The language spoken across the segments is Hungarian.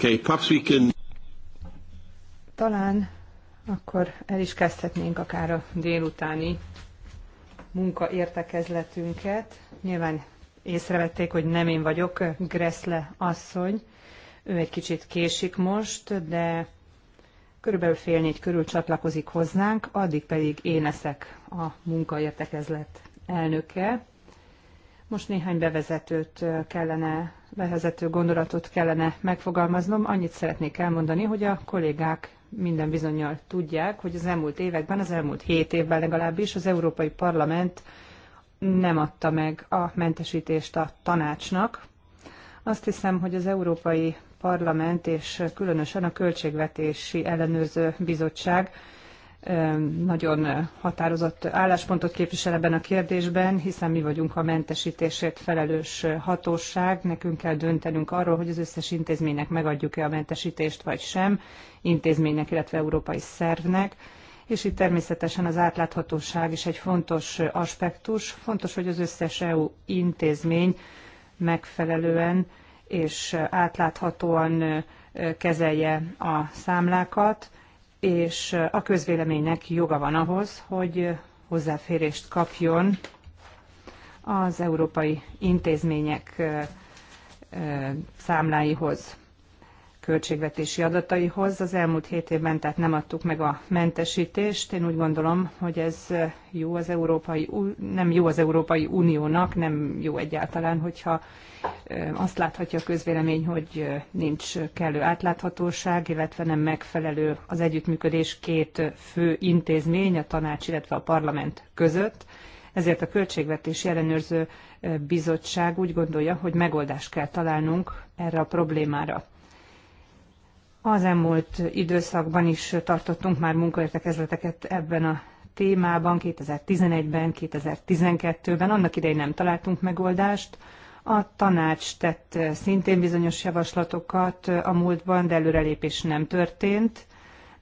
Okay, perhaps we can... Talán akkor el is kezdhetnénk akár a délutáni munka értekezletünket, Nyilván észrevették, hogy nem én vagyok, Greszle asszony. Ő egy kicsit késik most, de körülbelül fél négy körül csatlakozik hozzánk, addig pedig én leszek a munka értekezlet elnöke. Most néhány bevezetőt kellene bevezető gondolatot kellene megfogalmaznom. Annyit szeretnék elmondani, hogy a kollégák minden bizonyal tudják, hogy az elmúlt években, az elmúlt hét évben legalábbis az Európai Parlament nem adta meg a mentesítést a tanácsnak. Azt hiszem, hogy az Európai Parlament és különösen a Költségvetési Ellenőrző Bizottság nagyon határozott álláspontot képvisel ebben a kérdésben, hiszen mi vagyunk a mentesítésért felelős hatóság, nekünk kell döntenünk arról, hogy az összes intézménynek megadjuk-e a mentesítést vagy sem, intézménynek, illetve európai szervnek, és itt természetesen az átláthatóság is egy fontos aspektus. Fontos, hogy az összes EU intézmény megfelelően és átláthatóan kezelje a számlákat, és a közvéleménynek joga van ahhoz, hogy hozzáférést kapjon az európai intézmények számláihoz költségvetési adataihoz. Az elmúlt hét évben tehát nem adtuk meg a mentesítést. Én úgy gondolom, hogy ez jó az Európai, nem jó az Európai Uniónak, nem jó egyáltalán, hogyha azt láthatja a közvélemény, hogy nincs kellő átláthatóság, illetve nem megfelelő az együttműködés két fő intézmény, a tanács, illetve a parlament között. Ezért a Költségvetési Ellenőrző Bizottság úgy gondolja, hogy megoldást kell találnunk erre a problémára. Az elmúlt időszakban is tartottunk már munkaértekezleteket ebben a témában, 2011-ben, 2012-ben. Annak idején nem találtunk megoldást. A tanács tett szintén bizonyos javaslatokat a múltban, de előrelépés nem történt.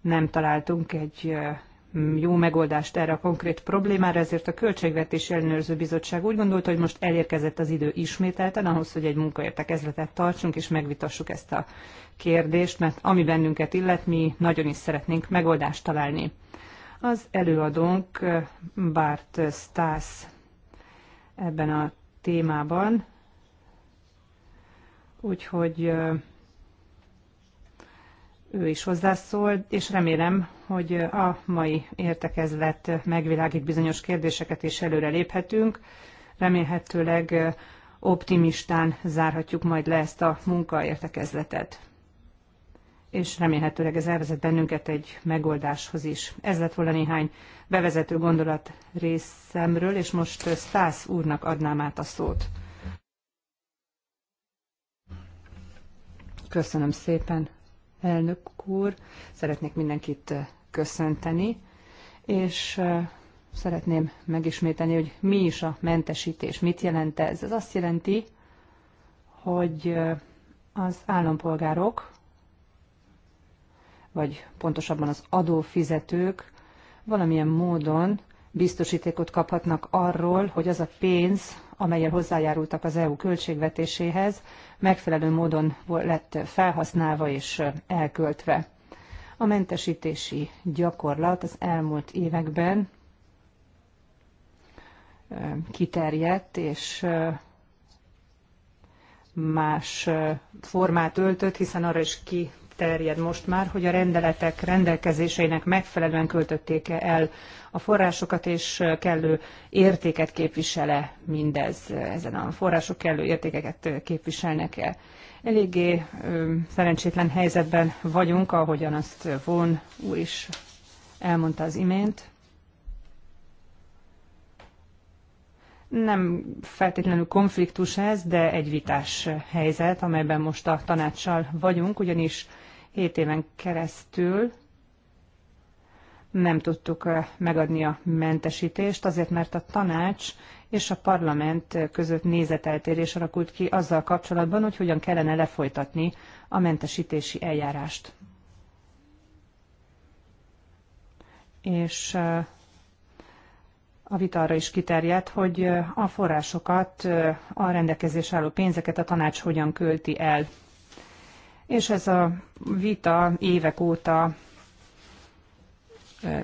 Nem találtunk egy jó megoldást erre a konkrét problémára, ezért a Költségvetési Ellenőrző Bizottság úgy gondolta, hogy most elérkezett az idő ismételten ahhoz, hogy egy munkaértekezletet tartsunk és megvitassuk ezt a kérdést, mert ami bennünket illet, mi nagyon is szeretnénk megoldást találni. Az előadónk Bárt Stász ebben a témában, úgyhogy ő is hozzászól, és remélem, hogy a mai értekezlet megvilágít bizonyos kérdéseket, és előre léphetünk. Remélhetőleg optimistán zárhatjuk majd le ezt a munkaértekezletet. És remélhetőleg ez elvezet bennünket egy megoldáshoz is. Ez lett volna néhány bevezető gondolat részemről, és most Stász úrnak adnám át a szót. Köszönöm szépen, elnök úr. Szeretnék mindenkit eh, köszönteni, és eh, szeretném megismételni, hogy mi is a mentesítés, mit jelent ez. Ez azt jelenti, hogy eh, az állampolgárok, vagy pontosabban az adófizetők valamilyen módon biztosítékot kaphatnak arról, hogy az a pénz, amellyel hozzájárultak az EU költségvetéséhez, megfelelő módon lett felhasználva és elköltve. A mentesítési gyakorlat az elmúlt években kiterjedt, és más formát öltött, hiszen arra is ki terjed most már, hogy a rendeletek rendelkezéseinek megfelelően költötték -e el a forrásokat, és kellő értéket képvisele mindez, ezen a források kellő értékeket képviselnek-e. Eléggé ö, szerencsétlen helyzetben vagyunk, ahogyan azt von úr is elmondta az imént. nem feltétlenül konfliktus ez, de egy vitás helyzet, amelyben most a tanácssal vagyunk, ugyanis 7 éven keresztül nem tudtuk eh, megadni a mentesítést, azért mert a tanács és a parlament között nézeteltérés alakult ki azzal kapcsolatban, hogy hogyan kellene lefolytatni a mentesítési eljárást. És eh, a vita arra is kiterjedt, hogy eh, a forrásokat, a rendelkezés álló pénzeket a tanács hogyan költi el és ez a vita évek óta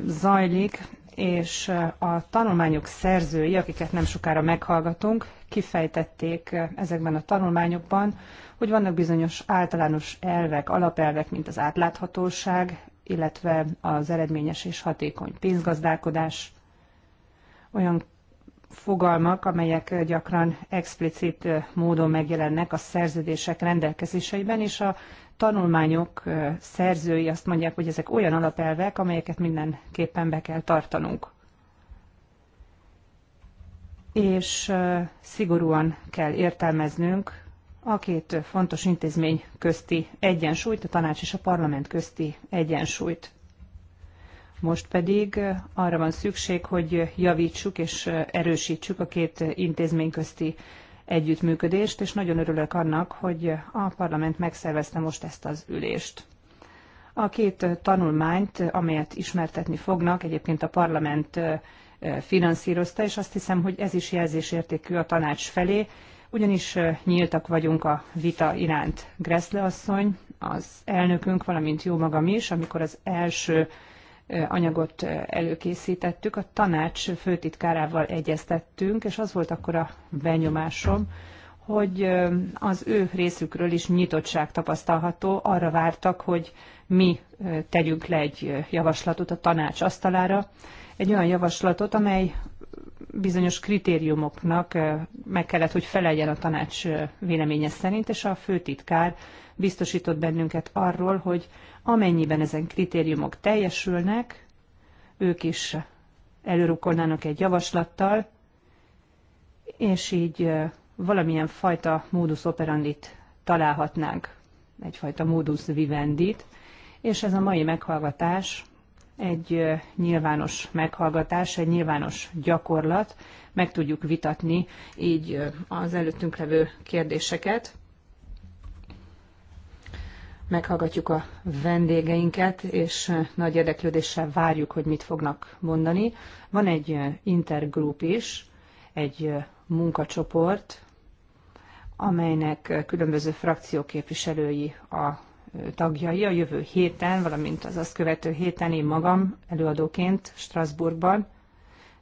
zajlik, és a tanulmányok szerzői, akiket nem sokára meghallgatunk, kifejtették ezekben a tanulmányokban, hogy vannak bizonyos általános elvek, alapelvek, mint az átláthatóság, illetve az eredményes és hatékony pénzgazdálkodás, olyan fogalmak, amelyek gyakran explicit módon megjelennek a szerződések rendelkezéseiben, és a tanulmányok szerzői azt mondják, hogy ezek olyan alapelvek, amelyeket mindenképpen be kell tartanunk. És szigorúan kell értelmeznünk a két fontos intézmény közti egyensúlyt, a tanács és a parlament közti egyensúlyt. Most pedig arra van szükség, hogy javítsuk és erősítsük a két intézmény közti együttműködést, és nagyon örülök annak, hogy a parlament megszervezte most ezt az ülést. A két tanulmányt, amelyet ismertetni fognak, egyébként a parlament finanszírozta, és azt hiszem, hogy ez is jelzésértékű a tanács felé, ugyanis nyíltak vagyunk a vita iránt. Gressle asszony, az elnökünk, valamint jó magam is, amikor az első anyagot előkészítettük, a tanács főtitkárával egyeztettünk, és az volt akkor a benyomásom, hogy az ő részükről is nyitottság tapasztalható, arra vártak, hogy mi tegyünk le egy javaslatot a tanács asztalára, egy olyan javaslatot, amely bizonyos kritériumoknak meg kellett, hogy feleljen a tanács véleménye szerint, és a főtitkár biztosított bennünket arról, hogy Amennyiben ezen kritériumok teljesülnek, ők is előrukolnának egy javaslattal, és így valamilyen fajta módus operandit találhatnánk, egyfajta módus vivendit, és ez a mai meghallgatás egy nyilvános meghallgatás, egy nyilvános gyakorlat, meg tudjuk vitatni így az előttünk levő kérdéseket, meghallgatjuk a vendégeinket, és nagy érdeklődéssel várjuk, hogy mit fognak mondani. Van egy intergroup is, egy munkacsoport, amelynek különböző frakcióképviselői képviselői a tagjai a jövő héten, valamint az azt követő héten én magam előadóként Strasbourgban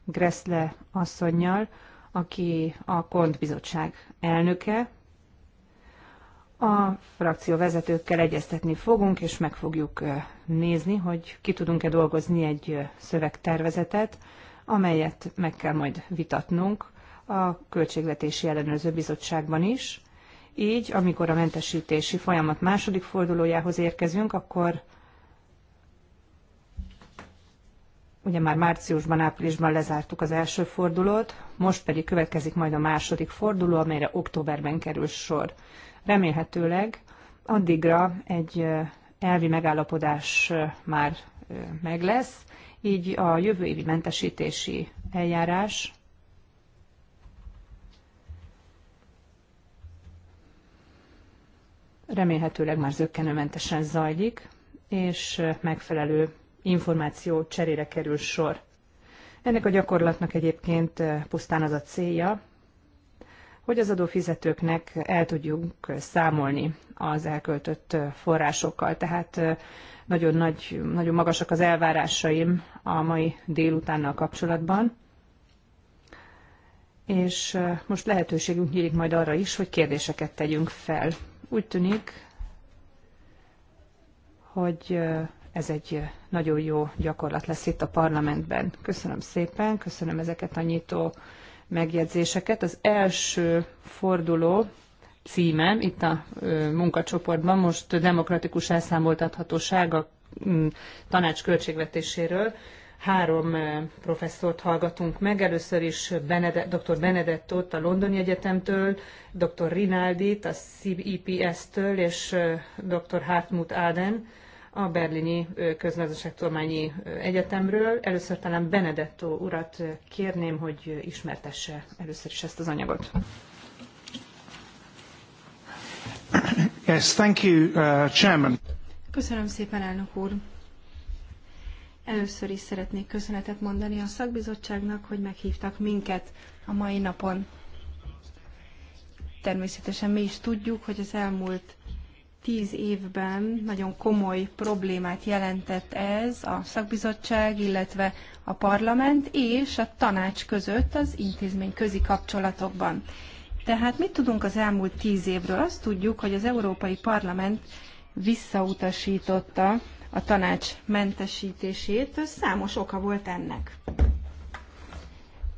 Gressle asszonynal, aki a Kont bizottság elnöke, a frakció vezetőkkel egyeztetni fogunk, és meg fogjuk nézni, hogy ki tudunk-e dolgozni egy szövegtervezetet, amelyet meg kell majd vitatnunk a Költségvetési Ellenőrző Bizottságban is. Így, amikor a mentesítési folyamat második fordulójához érkezünk, akkor ugye már márciusban, áprilisban lezártuk az első fordulót, most pedig következik majd a második forduló, amelyre októberben kerül sor. Remélhetőleg addigra egy elvi megállapodás már meg lesz, így a jövő évi mentesítési eljárás remélhetőleg már zöggenőmentesen zajlik, és megfelelő információ cserére kerül sor. Ennek a gyakorlatnak egyébként pusztán az a célja, hogy az adófizetőknek el tudjunk számolni az elköltött forrásokkal. Tehát nagyon, nagy, nagyon magasak az elvárásaim a mai délutánnal kapcsolatban. És most lehetőségünk nyílik majd arra is, hogy kérdéseket tegyünk fel. Úgy tűnik, hogy ez egy nagyon jó gyakorlat lesz itt a parlamentben. Köszönöm szépen, köszönöm ezeket a nyitó megjegyzéseket. Az első forduló címem itt a munkacsoportban most demokratikus elszámoltathatóság a tanács költségvetéséről. Három professzort hallgatunk meg, először is Benedett, dr. Benedettot a Londoni Egyetemtől, dr. Rinaldit a CIPS-től e és dr. Hartmut Aden a Berlini Közgazdaságtudományi Egyetemről. Először talán Benedetto urat kérném, hogy ismertesse először is ezt az anyagot. Yes, thank you, uh, Chairman. Köszönöm szépen, elnök úr. Először is szeretnék köszönetet mondani a szakbizottságnak, hogy meghívtak minket a mai napon. Természetesen mi is tudjuk, hogy az elmúlt tíz évben nagyon komoly problémát jelentett ez a szakbizottság, illetve a parlament és a tanács között az intézmény közi kapcsolatokban. Tehát mit tudunk az elmúlt tíz évről? Azt tudjuk, hogy az Európai Parlament visszautasította a tanács mentesítését, számos oka volt ennek.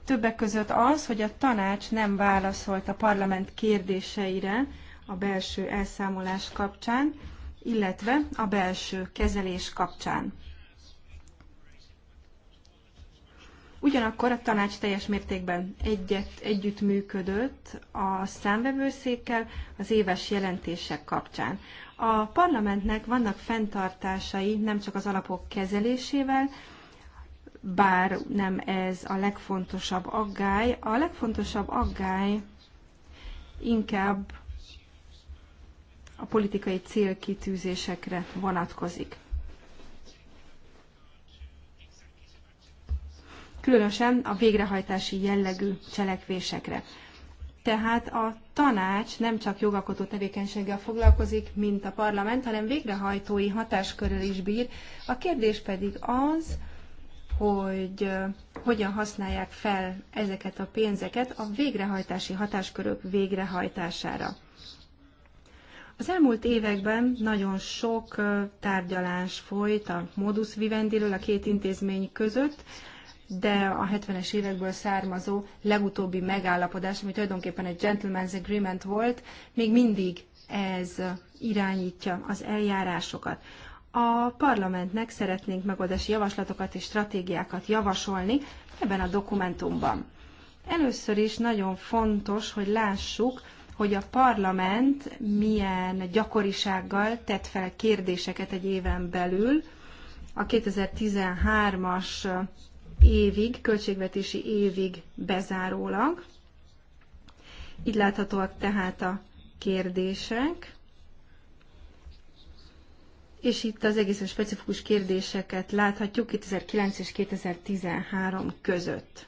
Többek között az, hogy a tanács nem válaszolt a parlament kérdéseire, a belső elszámolás kapcsán, illetve a belső kezelés kapcsán. Ugyanakkor a tanács teljes mértékben egyet, együttműködött a számvevőszékkel az éves jelentések kapcsán. A parlamentnek vannak fenntartásai nem csak az alapok kezelésével, bár nem ez a legfontosabb aggály. A legfontosabb aggály inkább a politikai célkitűzésekre vonatkozik. Különösen a végrehajtási jellegű cselekvésekre. Tehát a tanács nem csak jogalkotó tevékenységgel foglalkozik, mint a parlament, hanem végrehajtói hatáskörrel is bír. A kérdés pedig az, hogy hogyan használják fel ezeket a pénzeket a végrehajtási hatáskörök végrehajtására. Az elmúlt években nagyon sok tárgyalás folyt a modus vivendiről a két intézmény között, de a 70-es évekből származó legutóbbi megállapodás, ami tulajdonképpen egy gentleman's agreement volt, még mindig ez irányítja az eljárásokat. A parlamentnek szeretnénk megoldási javaslatokat és stratégiákat javasolni ebben a dokumentumban. Először is nagyon fontos, hogy lássuk, hogy a parlament milyen gyakorisággal tett fel kérdéseket egy éven belül a 2013-as évig, költségvetési évig bezárólag. Így láthatóak tehát a kérdések. És itt az egészen specifikus kérdéseket láthatjuk 2009 és 2013 között.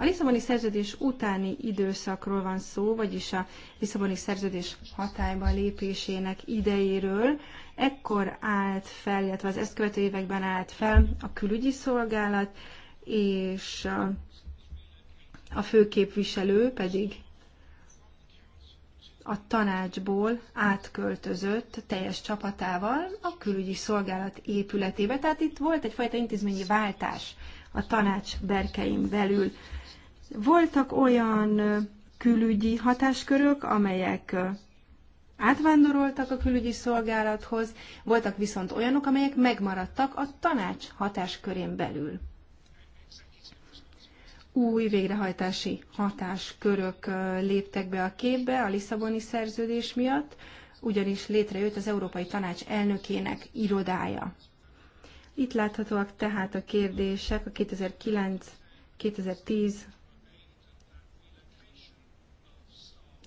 A Lisszaboni szerződés utáni időszakról van szó, vagyis a Lisszaboni szerződés hatályba lépésének idejéről. Ekkor állt fel, illetve az ezt követő években állt fel a külügyi szolgálat, és a főképviselő pedig a tanácsból átköltözött teljes csapatával a külügyi szolgálat épületébe. Tehát itt volt egyfajta intézményi váltás a tanács berkeim belül. Voltak olyan külügyi hatáskörök, amelyek átvándoroltak a külügyi szolgálathoz, voltak viszont olyanok, amelyek megmaradtak a tanács hatáskörén belül. Új végrehajtási hatáskörök léptek be a képbe a Lisszaboni szerződés miatt, ugyanis létrejött az Európai Tanács elnökének irodája. Itt láthatóak tehát a kérdések a 2009-2010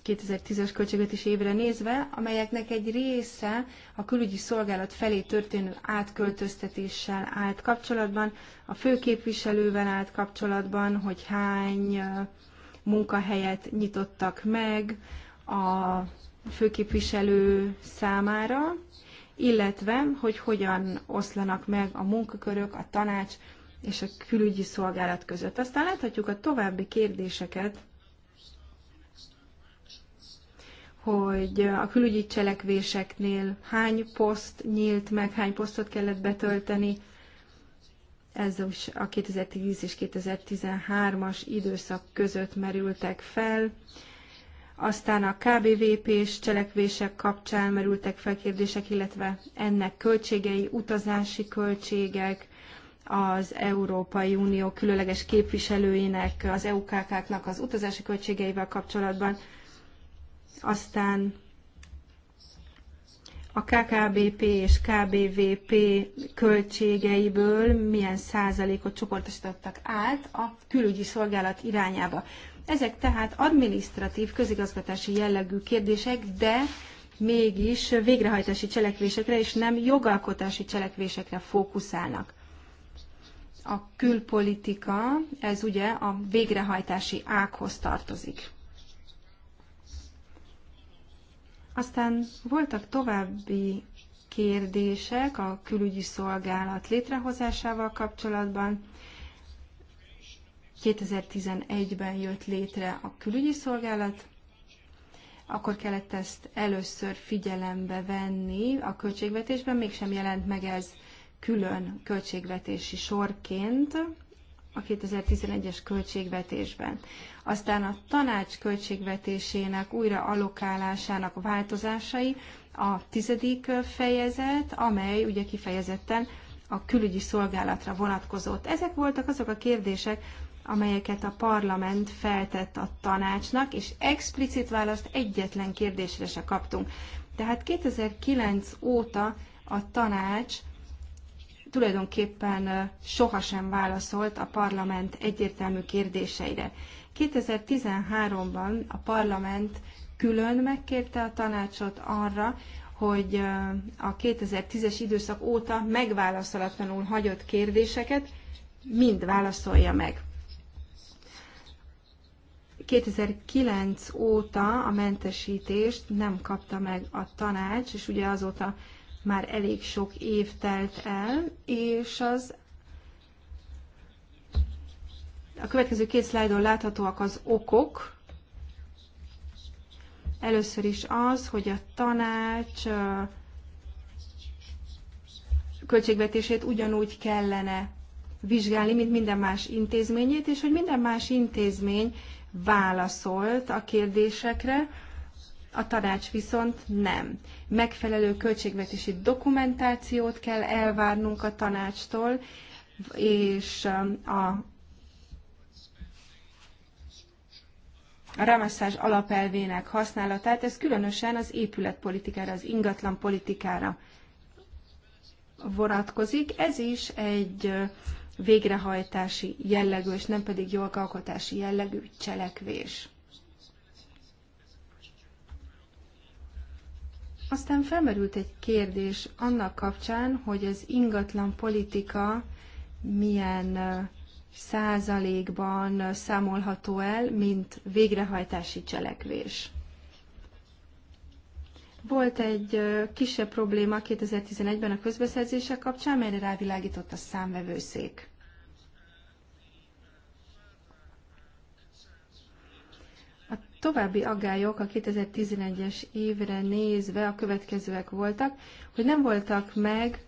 2010-es költségvetési évre nézve, amelyeknek egy része a külügyi szolgálat felé történő átköltöztetéssel állt kapcsolatban, a főképviselővel állt kapcsolatban, hogy hány munkahelyet nyitottak meg a főképviselő számára, illetve hogy hogyan oszlanak meg a munkakörök, a tanács és a külügyi szolgálat között. Aztán láthatjuk a további kérdéseket, hogy a külügyi cselekvéseknél hány poszt nyílt meg, hány posztot kellett betölteni. Ez is a 2010 és 2013-as időszak között merültek fel. Aztán a KBVP-s cselekvések kapcsán merültek fel kérdések, illetve ennek költségei, utazási költségek, az Európai Unió különleges képviselőinek, az EUKK-nak az utazási költségeivel kapcsolatban aztán a KKBP és KBVP költségeiből milyen százalékot csoportosítottak át a külügyi szolgálat irányába. Ezek tehát administratív, közigazgatási jellegű kérdések, de mégis végrehajtási cselekvésekre és nem jogalkotási cselekvésekre fókuszálnak. A külpolitika, ez ugye a végrehajtási ághoz tartozik. Aztán voltak további kérdések a külügyi szolgálat létrehozásával kapcsolatban. 2011-ben jött létre a külügyi szolgálat, akkor kellett ezt először figyelembe venni a költségvetésben, mégsem jelent meg ez külön költségvetési sorként a 2011-es költségvetésben. Aztán a tanács költségvetésének újra alokálásának változásai a tizedik fejezet, amely ugye kifejezetten a külügyi szolgálatra vonatkozott. Ezek voltak azok a kérdések, amelyeket a parlament feltett a tanácsnak, és explicit választ egyetlen kérdésre se kaptunk. Tehát 2009 óta a tanács tulajdonképpen sohasem válaszolt a parlament egyértelmű kérdéseire. 2013-ban a parlament külön megkérte a tanácsot arra, hogy a 2010-es időszak óta megválaszolatlanul hagyott kérdéseket mind válaszolja meg. 2009 óta a mentesítést nem kapta meg a tanács, és ugye azóta már elég sok év telt el, és az a következő két szlájdon láthatóak az okok. Először is az, hogy a tanács költségvetését ugyanúgy kellene vizsgálni, mint minden más intézményét, és hogy minden más intézmény válaszolt a kérdésekre, a tanács viszont nem. Megfelelő költségvetési dokumentációt kell elvárnunk a tanácstól, és um, a a ramasszás alapelvének használatát, ez különösen az épületpolitikára, az ingatlan politikára vonatkozik. Ez is egy végrehajtási jellegű, és nem pedig jogalkotási jellegű cselekvés. Aztán felmerült egy kérdés annak kapcsán, hogy az ingatlan politika milyen százalékban számolható el, mint végrehajtási cselekvés. Volt egy kisebb probléma 2011-ben a közbeszerzések kapcsán, melyre rávilágított a számvevőszék. További aggályok a 2011-es évre nézve a következőek voltak, hogy nem voltak meg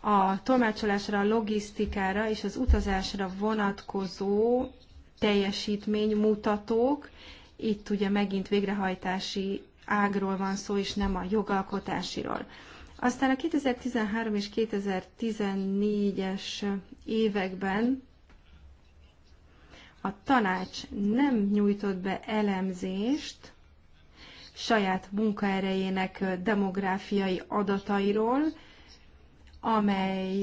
a tolmácsolásra, a logisztikára és az utazásra vonatkozó teljesítménymutatók. Itt ugye megint végrehajtási ágról van szó, és nem a jogalkotásiról. Aztán a 2013 és 2014-es években a tanács nem nyújtott be elemzést saját munkaerejének demográfiai adatairól, amely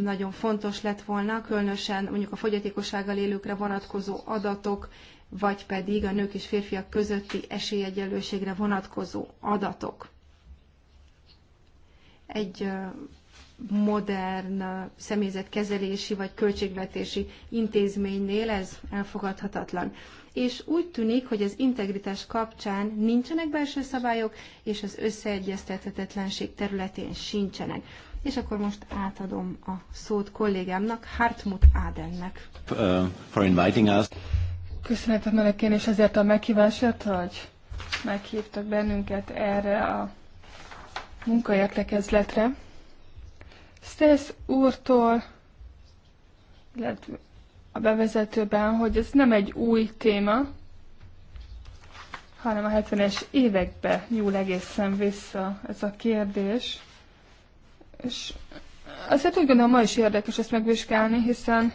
nagyon fontos lett volna, különösen mondjuk a fogyatékossággal élőkre vonatkozó adatok, vagy pedig a nők és férfiak közötti esélyegyenlőségre vonatkozó adatok. Egy modern személyzetkezelési vagy költségvetési intézménynél ez elfogadhatatlan. És úgy tűnik, hogy az integritás kapcsán nincsenek belső szabályok, és az összeegyeztethetetlenség területén sincsenek. És akkor most átadom a szót kollégámnak, Hartmut Ádennek. for inviting us. Köszönetet mellek én is ezért a meghívásért, hogy meghívtak bennünket erre a munkaértekezletre. Stess úrtól, illetve a bevezetőben, hogy ez nem egy új téma, hanem a 70-es évekbe nyúl egészen vissza ez a kérdés. És azért úgy gondolom ma is érdekes ezt megvizsgálni, hiszen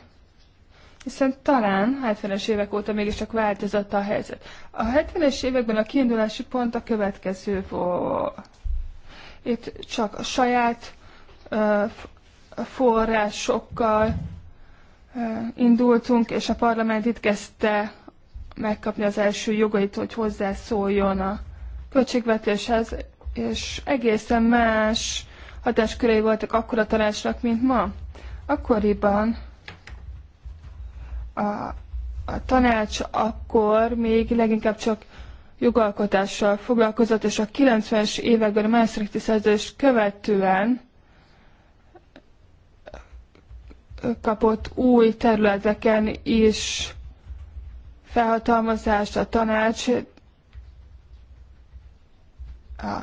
hiszen talán 70-es évek óta mégiscsak változott a helyzet. A 70-es években a kiindulási pont a következő volt. Itt csak a saját forrásokkal indultunk, és a parlament itt kezdte megkapni az első jogait, hogy hozzászóljon a költségvetéshez, és egészen más hatáskörei voltak akkor a tanácsnak, mint ma. Akkoriban a, a tanács akkor még leginkább csak jogalkotással foglalkozott, és a 90-es években a Maastrichti szerződést követően kapott új területeken is felhatalmazást a tanács, a,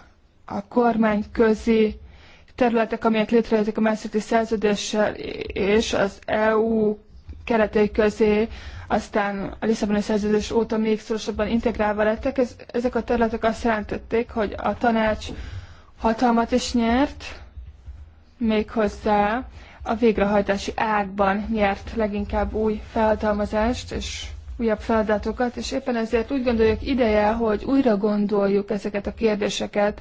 a kormány közi területek, amelyek létrejöttek a Mászati szerződéssel és az EU keretei közé, aztán a Lisszaboni szerződés óta még szorosabban integrálva lettek. Ez, ezek a területek azt jelentették, hogy a tanács hatalmat is nyert, méghozzá a végrehajtási ágban nyert leginkább új felhatalmazást és újabb feladatokat, és éppen ezért úgy gondoljuk ideje, hogy újra gondoljuk ezeket a kérdéseket,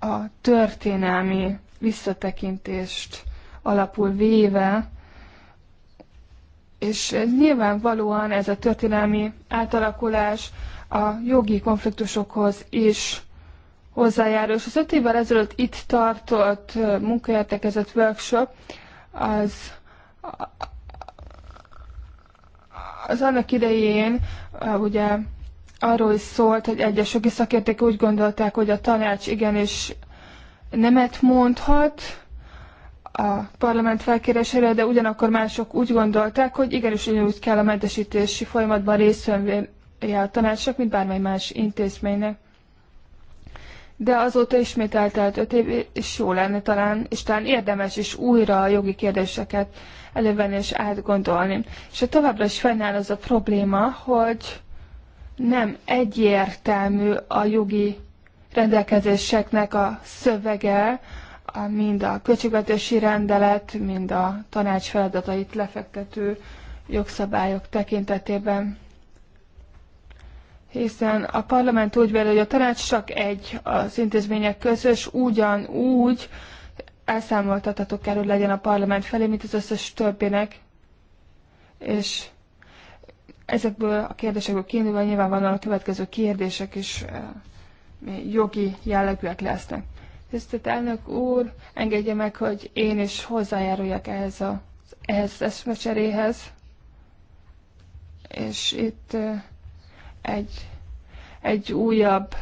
a történelmi visszatekintést alapul véve, és nyilvánvalóan ez a történelmi átalakulás a jogi konfliktusokhoz is hozzájárul. És az öt évvel ezelőtt itt tartott munkaértekezett workshop az az annak idején ugye arról is szólt, hogy egyes jogi szakértők úgy gondolták, hogy a tanács igenis nemet mondhat a parlament felkérésére, de ugyanakkor mások úgy gondolták, hogy igenis úgy kell a mentesítési folyamatban részt venni a tanácsnak, mint bármely más intézménynek de azóta ismét eltelt öt év, és jó lenne talán, és talán érdemes is újra a jogi kérdéseket elővenni és átgondolni. És a továbbra is fennáll az a probléma, hogy nem egyértelmű a jogi rendelkezéseknek a szövege, a, mind a költségvetési rendelet, mind a tanács feladatait lefektető jogszabályok tekintetében hiszen a parlament úgy véli, hogy a tanács csak egy az intézmények közös, ugyanúgy elszámoltatható kell, hogy legyen a parlament felé, mint az összes többinek. És ezekből a kérdésekből kiindulva nyilvánvalóan a következő kérdések is eh, jogi jellegűek lesznek. Tisztelt elnök úr, engedje meg, hogy én is hozzájáruljak ehhez, a, ehhez az eszmecseréhez. És itt eh, egy, egy újabb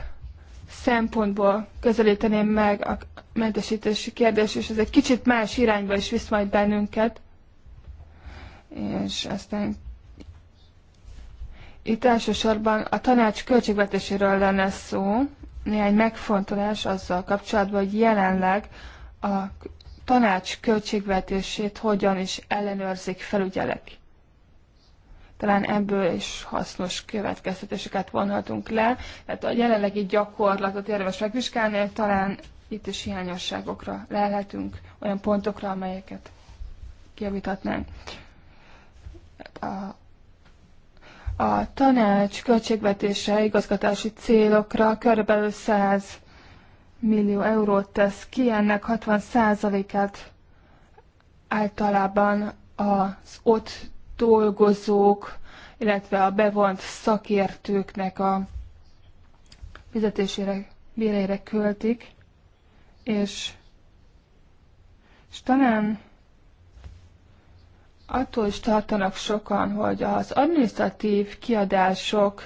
szempontból közelíteném meg a mentesítési kérdést, és ez egy kicsit más irányba is visz majd bennünket. És aztán itt elsősorban a tanács költségvetéséről lenne szó, néhány megfontolás azzal kapcsolatban, hogy jelenleg a tanács költségvetését hogyan is ellenőrzik, felügyeleti talán ebből is hasznos következtetéseket vonhatunk le. Tehát a jelenlegi gyakorlatot érdemes megvizsgálni, talán itt is hiányosságokra lehetünk, olyan pontokra, amelyeket kiavíthatnánk. A, a tanács költségvetése igazgatási célokra körülbelül 100 millió eurót tesz ki, ennek 60 át általában az ott dolgozók, illetve a bevont szakértőknek a fizetésére, béreire költik, és, és talán attól is tartanak sokan, hogy az administratív kiadások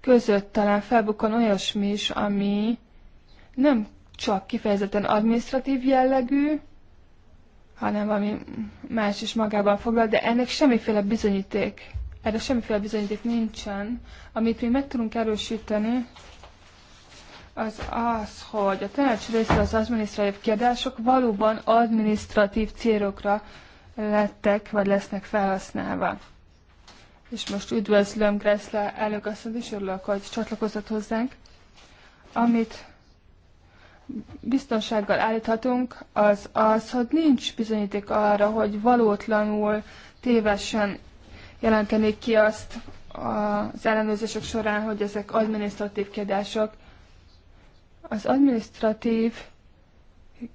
között talán felbukkan olyasmi is, ami nem csak kifejezetten administratív jellegű, hanem valami más is magában foglal, de ennek semmiféle bizonyíték, erre semmiféle bizonyíték nincsen. Amit mi meg tudunk erősíteni, az az, hogy a tanács része az adminisztratív kiadások valóban adminisztratív célokra lettek, vagy lesznek felhasználva. És most üdvözlöm Gressle elnök asszonyt, és örülök, hogy csatlakozott hozzánk. Amit biztonsággal állíthatunk, az az, hogy nincs bizonyíték arra, hogy valótlanul tévesen jelentenék ki azt az ellenőrzések során, hogy ezek adminisztratív kiadások. Az adminisztratív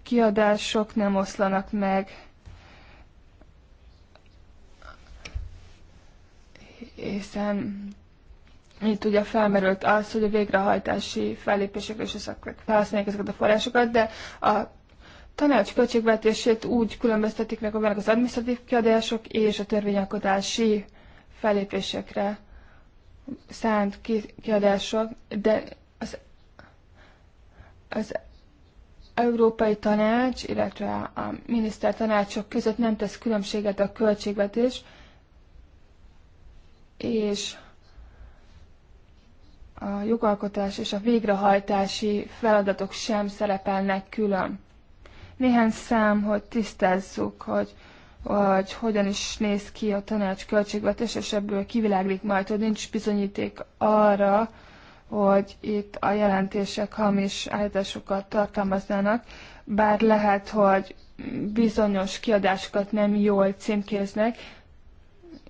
kiadások nem oszlanak meg. Hiszen itt ugye felmerült az, hogy a végrehajtási fellépésekre is felhasználják ezeket a forrásokat, de a tanács költségvetését úgy különböztetik meg, hogy az administratív kiadások és a törvényalkotási fellépésekre szánt kiadások, de az, az Európai Tanács, illetve a miniszter tanácsok között nem tesz különbséget a költségvetés, és a jogalkotás és a végrehajtási feladatok sem szerepelnek külön. Néhány szám, hogy tisztázzuk, hogy, hogy hogyan is néz ki a tanács költségvetés, és ebből kiviláglik majd, hogy nincs bizonyíték arra, hogy itt a jelentések hamis állításokat tartalmaznának, bár lehet, hogy bizonyos kiadásokat nem jól címkéznek,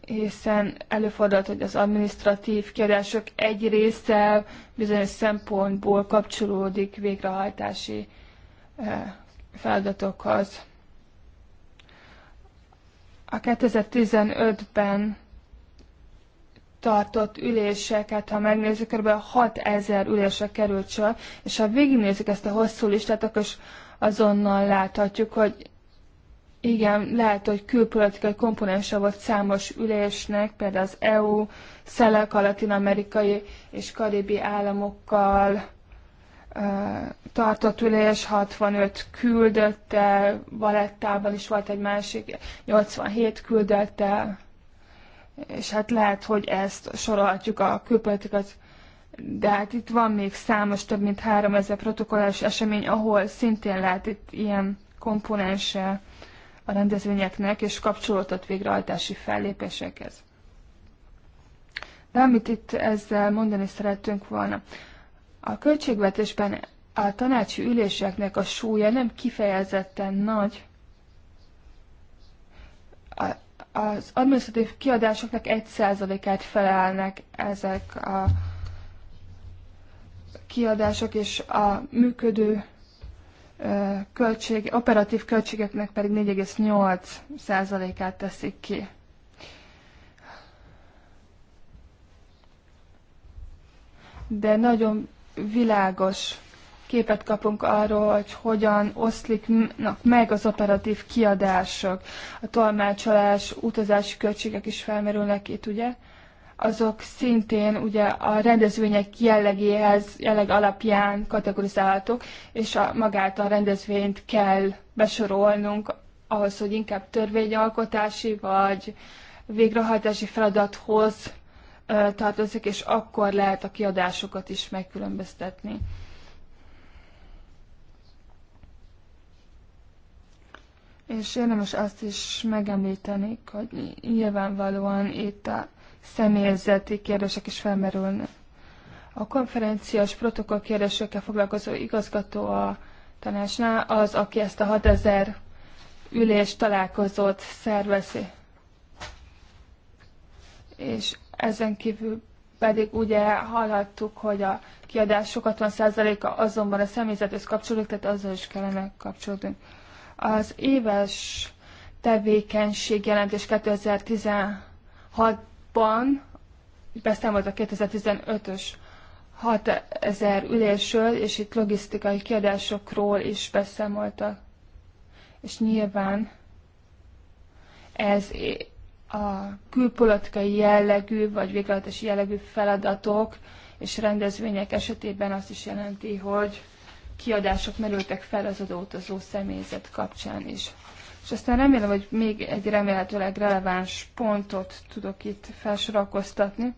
hiszen előfordult, hogy az administratív kiadások egy része bizonyos szempontból kapcsolódik végrehajtási feladatokhoz. A 2015-ben tartott üléseket, ha megnézzük, kb. 6000 ülésre került sor, és ha végignézzük ezt a hosszú listát, akkor is azonnal láthatjuk, hogy igen, lehet, hogy külpolitikai komponense volt számos ülésnek, például az EU, szelek a latin-amerikai és karibi államokkal e, tartott ülés, 65 küldöttel, Valettában is volt egy másik, 87 küldötte, és hát lehet, hogy ezt sorolhatjuk a külpolitikát, de hát itt van még számos, több mint 3000 protokollás esemény, ahol szintén lehet itt ilyen komponense a rendezvényeknek, és kapcsolódott végrehajtási fellépésekhez. De amit itt ezzel mondani szerettünk volna, a költségvetésben a tanácsi üléseknek a súlya nem kifejezetten nagy, a, az administratív kiadásoknak egy százalékát felelnek ezek a kiadások, és a működő költség, operatív költségeknek pedig 4,8%-át teszik ki. De nagyon világos képet kapunk arról, hogy hogyan oszlik meg az operatív kiadások. A tolmácsolás, utazási költségek is felmerülnek itt, ugye? azok szintén ugye a rendezvények jellegéhez, jelleg alapján kategorizálhatók, és a, magát a rendezvényt kell besorolnunk ahhoz, hogy inkább törvényalkotási vagy végrehajtási feladathoz ö, tartozik, és akkor lehet a kiadásokat is megkülönböztetni. És érdemes azt is megemlíteni, hogy nyilvánvalóan itt a személyzeti kérdések is felmerülnek. A konferenciás protokoll kérdésekkel foglalkozó igazgató a tanácsnál az, aki ezt a 6000 ülés találkozót szervezi. És ezen kívül pedig ugye hallhattuk, hogy a kiadások 60%-a azonban a személyzethez kapcsolódik, tehát azzal is kellene kapcsolódni. Az éves tevékenység jelentés 2016 Ban beszámolt a 2015-ös 6000 ülésről, és itt logisztikai kiadásokról is beszámoltak. És nyilván ez a külpolitikai jellegű, vagy végrehajtási jellegű feladatok és rendezvények esetében azt is jelenti, hogy kiadások merültek fel az adóutazó személyzet kapcsán is. És aztán remélem, hogy még egy remélhetőleg releváns pontot tudok itt felsorakoztatni.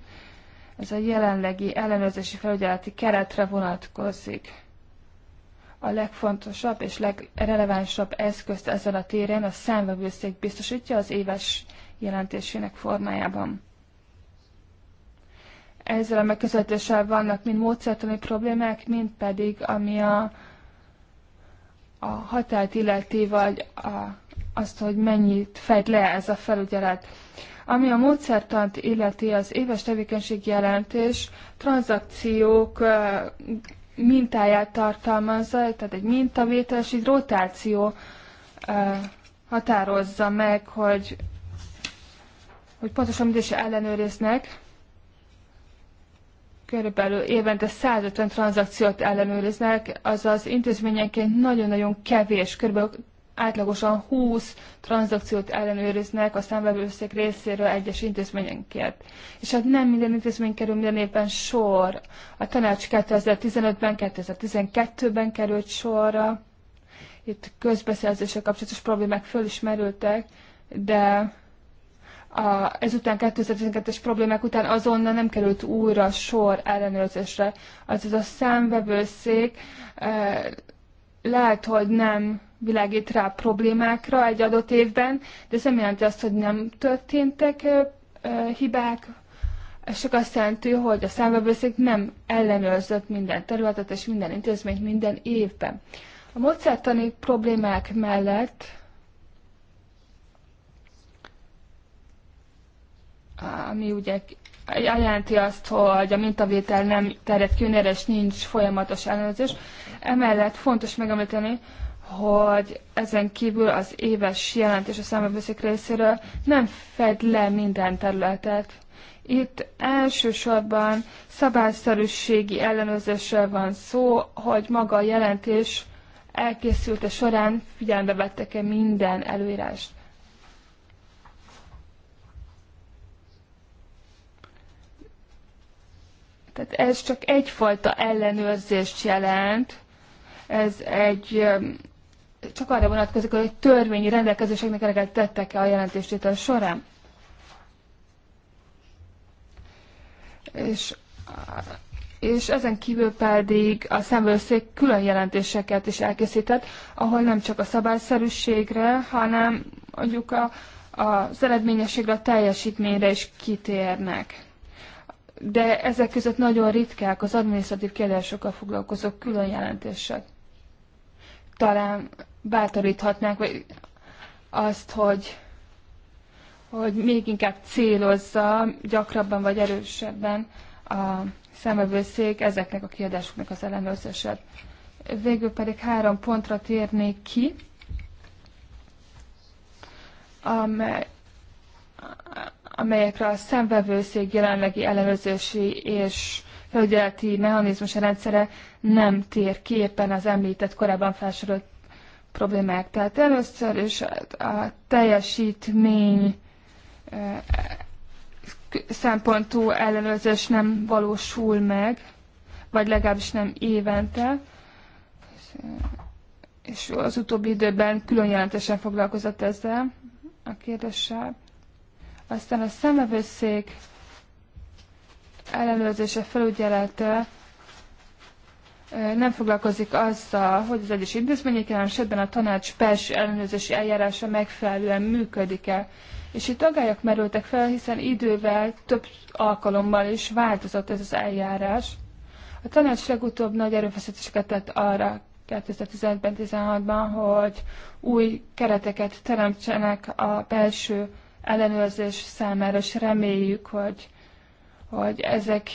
Ez a jelenlegi ellenőrzési felügyeleti keretre vonatkozik. A legfontosabb és legrelevánsabb eszközt ezen a téren a számvevőszék biztosítja az éves jelentésének formájában ezzel a megközelítéssel vannak mind módszertani problémák, mind pedig, ami a, a határt illeti, vagy a, azt, hogy mennyit fed le ez a felügyelet. Ami a módszertant illeti, az éves jelentés tranzakciók mintáját tartalmazza, tehát egy mintavétel és egy rotáció határozza meg, hogy, hogy pontosan is ellenőriznek körülbelül évente 150 tranzakciót ellenőriznek, azaz intézményenként nagyon-nagyon kevés, körülbelül átlagosan 20 tranzakciót ellenőriznek a számvevőszék részéről egyes intézményenként. És hát nem minden intézmény kerül minden évben sor. A tanács 2015-ben, 2012-ben került sorra. Itt közbeszerzéssel kapcsolatos problémák föl is merültek, de a, ezután 2012-es problémák után azonnal nem került újra sor ellenőrzésre. Azaz a számvevőszék e, lehet, hogy nem világít rá problémákra egy adott évben, de ez nem jelenti azt, hogy nem történtek e, e hibák, ez csak azt jelenti, hogy a számvevőszék nem ellenőrzött minden területet és minden intézményt minden évben. A módszertani problémák mellett ami ugye jelenti azt, hogy a mintavétel nem terjed ki és nincs folyamatos ellenőrzés. Emellett fontos megemlíteni, hogy ezen kívül az éves jelentés a számövőszék részéről nem fed le minden területet. Itt elsősorban szabályszerűségi ellenőrzésről van szó, hogy maga a jelentés elkészülte során figyelembe vettek-e minden előírást. Tehát ez csak egyfajta ellenőrzést jelent, ez egy csak arra vonatkozik, hogy törvényi rendelkezéseknek eleget tettek-e a jelentéstétel során. És, és ezen kívül pedig a számvőszék külön jelentéseket is elkészített, ahol nem csak a szabályszerűségre, hanem mondjuk a, az eredményességre, a teljesítményre is kitérnek de ezek között nagyon ritkák az adminisztratív kiadásokkal foglalkozó külön jelentések. Talán bátoríthatnánk vagy azt, hogy, hogy még inkább célozza gyakrabban vagy erősebben a szemövőszék ezeknek a kiadásoknak az ellenőrzését. Végül pedig három pontra térnék ki, amely, amelyekre a szemvevőszék jelenlegi ellenőrzési és felügyeleti mechanizmus rendszere nem tér képen az említett korábban felsorolt problémák. Tehát először is a teljesítmény eh, szempontú ellenőrzés nem valósul meg, vagy legalábbis nem évente, és az utóbbi időben külön jelentesen foglalkozott ezzel a kérdéssel. Aztán a szemevőszék ellenőrzése felügyelete nem foglalkozik azzal, hogy az egyes intézmények jelen esetben a tanács belső ellenőrzési eljárása megfelelően működik-e. És itt agályok merültek fel, hiszen idővel több alkalommal is változott ez az eljárás. A tanács legutóbb nagy erőfeszítéseket tett arra 2015-ben, 16 ban hogy új kereteket teremtsenek a belső ellenőrzés számára, és reméljük, hogy, hogy ezek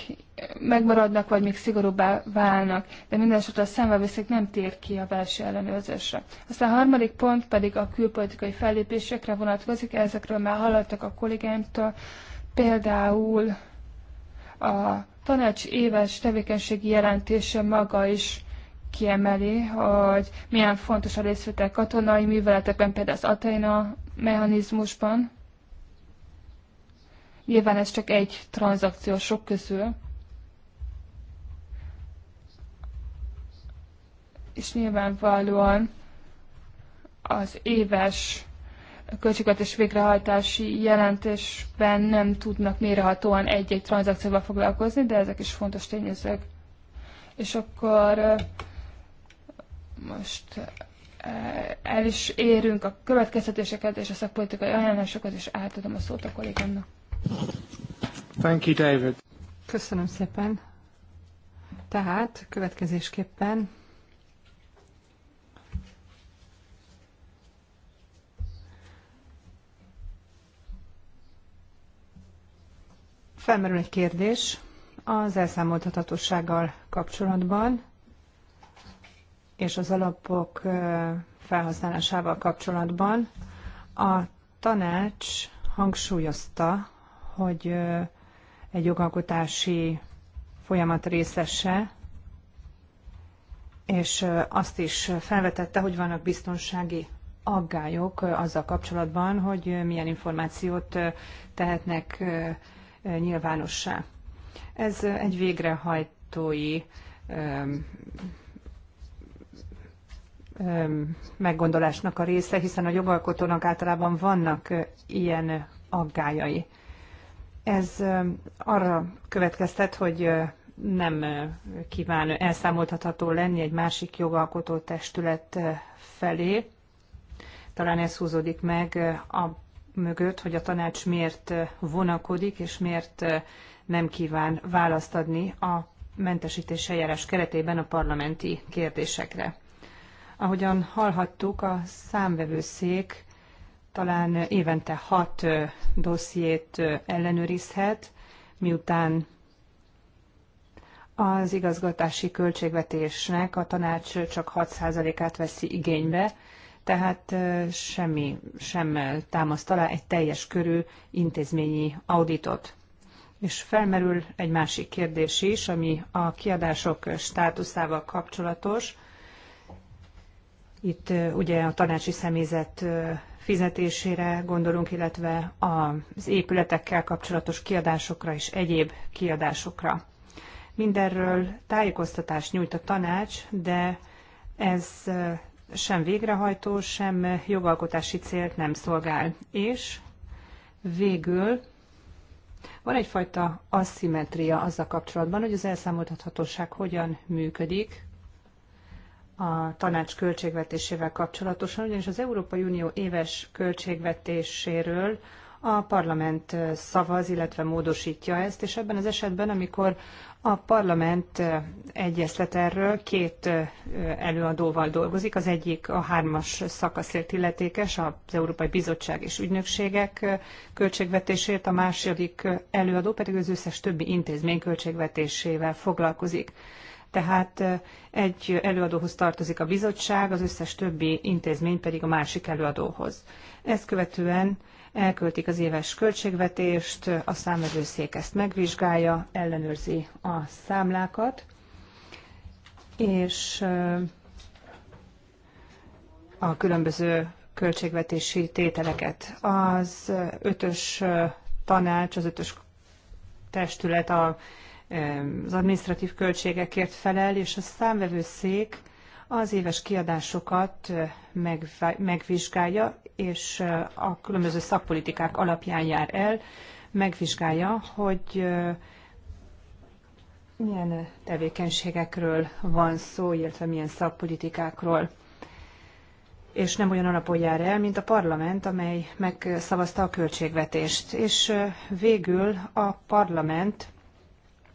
megmaradnak, vagy még szigorúbbá válnak, de minden esetre a számvevőszék nem tér ki a belső ellenőrzésre. Aztán a harmadik pont pedig a külpolitikai fellépésekre vonatkozik, ezekről már hallottak a kollégáimtól, például a tanács éves tevékenységi jelentése maga is kiemeli, hogy milyen fontos a részvétel katonai műveletekben, például az Atena mechanizmusban, Nyilván ez csak egy tranzakció sok közül. És nyilvánvalóan az éves költségvetés végrehajtási jelentésben nem tudnak mérhetően egy-egy tranzakcióval foglalkozni, de ezek is fontos tényezők. És akkor most el is érünk a következtetéseket és a szakpolitikai ajánlásokat, és átadom a szót a kollégámnak. Thank you, David. Köszönöm szépen. Tehát következésképpen Felmerül egy kérdés az elszámoltathatósággal kapcsolatban, és az alapok felhasználásával kapcsolatban. A tanács hangsúlyozta, hogy egy jogalkotási folyamat részese, és azt is felvetette, hogy vannak biztonsági aggályok azzal kapcsolatban, hogy milyen információt tehetnek nyilvánossá. Ez egy végrehajtói meggondolásnak a része, hiszen a jogalkotónak általában vannak ilyen aggályai. Ez arra következtet, hogy nem kíván elszámoltatható lenni egy másik jogalkotó testület felé. Talán ez húzódik meg a mögött, hogy a tanács miért vonakodik, és miért nem kíván választ adni a mentesítés eljárás keretében a parlamenti kérdésekre. Ahogyan hallhattuk, a számvevőszék talán évente hat dossziét ellenőrizhet, miután az igazgatási költségvetésnek a tanács csak 6%-át veszi igénybe, tehát semmi sem támaszt alá egy teljes körű intézményi auditot. És felmerül egy másik kérdés is, ami a kiadások státuszával kapcsolatos. Itt ugye a tanácsi személyzet fizetésére gondolunk, illetve az épületekkel kapcsolatos kiadásokra és egyéb kiadásokra. Mindenről tájékoztatást nyújt a tanács, de ez sem végrehajtó, sem jogalkotási célt nem szolgál. És végül van egyfajta asszimetria azzal kapcsolatban, hogy az elszámoltathatóság hogyan működik, a tanács költségvetésével kapcsolatosan, ugyanis az Európai Unió éves költségvetéséről a parlament szavaz, illetve módosítja ezt, és ebben az esetben, amikor a parlament egyeztet erről, két előadóval dolgozik, az egyik a hármas szakaszért illetékes, az Európai Bizottság és Ügynökségek költségvetésért, a második előadó pedig az összes többi intézmény költségvetésével foglalkozik tehát egy előadóhoz tartozik a bizottság, az összes többi intézmény pedig a másik előadóhoz. Ezt követően elköltik az éves költségvetést, a számvevőszék ezt megvizsgálja, ellenőrzi a számlákat, és a különböző költségvetési tételeket. Az ötös tanács, az ötös testület a az adminisztratív költségekért felel, és a számvevőszék az éves kiadásokat megvizsgálja, és a különböző szakpolitikák alapján jár el, megvizsgálja, hogy milyen tevékenységekről van szó, illetve milyen szakpolitikákról és nem olyan alapon jár el, mint a parlament, amely megszavazta a költségvetést. És végül a parlament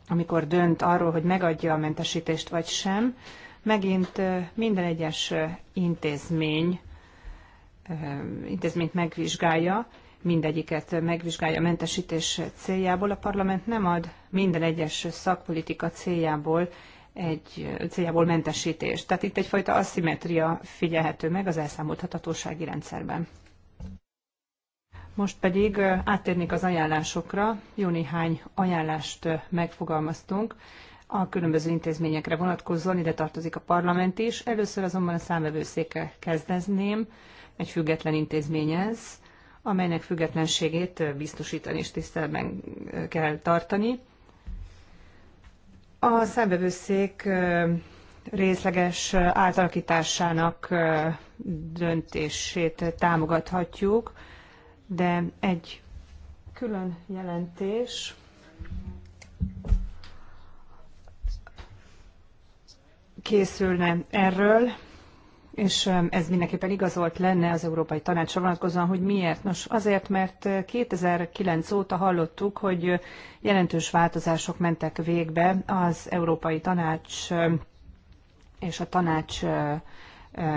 amikor dönt arról, hogy megadja a mentesítést vagy sem, megint minden egyes intézmény, intézményt megvizsgálja, mindegyiket megvizsgálja a mentesítés céljából. A parlament nem ad minden egyes szakpolitika céljából egy céljából mentesítést. Tehát itt egyfajta aszimetria figyelhető meg az elszámolthatatósági rendszerben. Most pedig áttérnék az ajánlásokra. Jó néhány ajánlást megfogalmaztunk a különböző intézményekre vonatkozóan, ide tartozik a parlament is. Először azonban a számvevőszékkel kezdezném, egy független intézmény ez, amelynek függetlenségét biztosítani és tiszteletben kell tartani. A számvevőszék részleges átalakításának döntését támogathatjuk de egy külön jelentés készülne erről, és um, ez mindenképpen igazolt lenne az Európai Tanácsra vonatkozóan, hogy miért. Nos, azért, mert 2009 uh, óta hallottuk, hogy uh, jelentős változások mentek végbe az Európai Tanács um, és a tanács uh,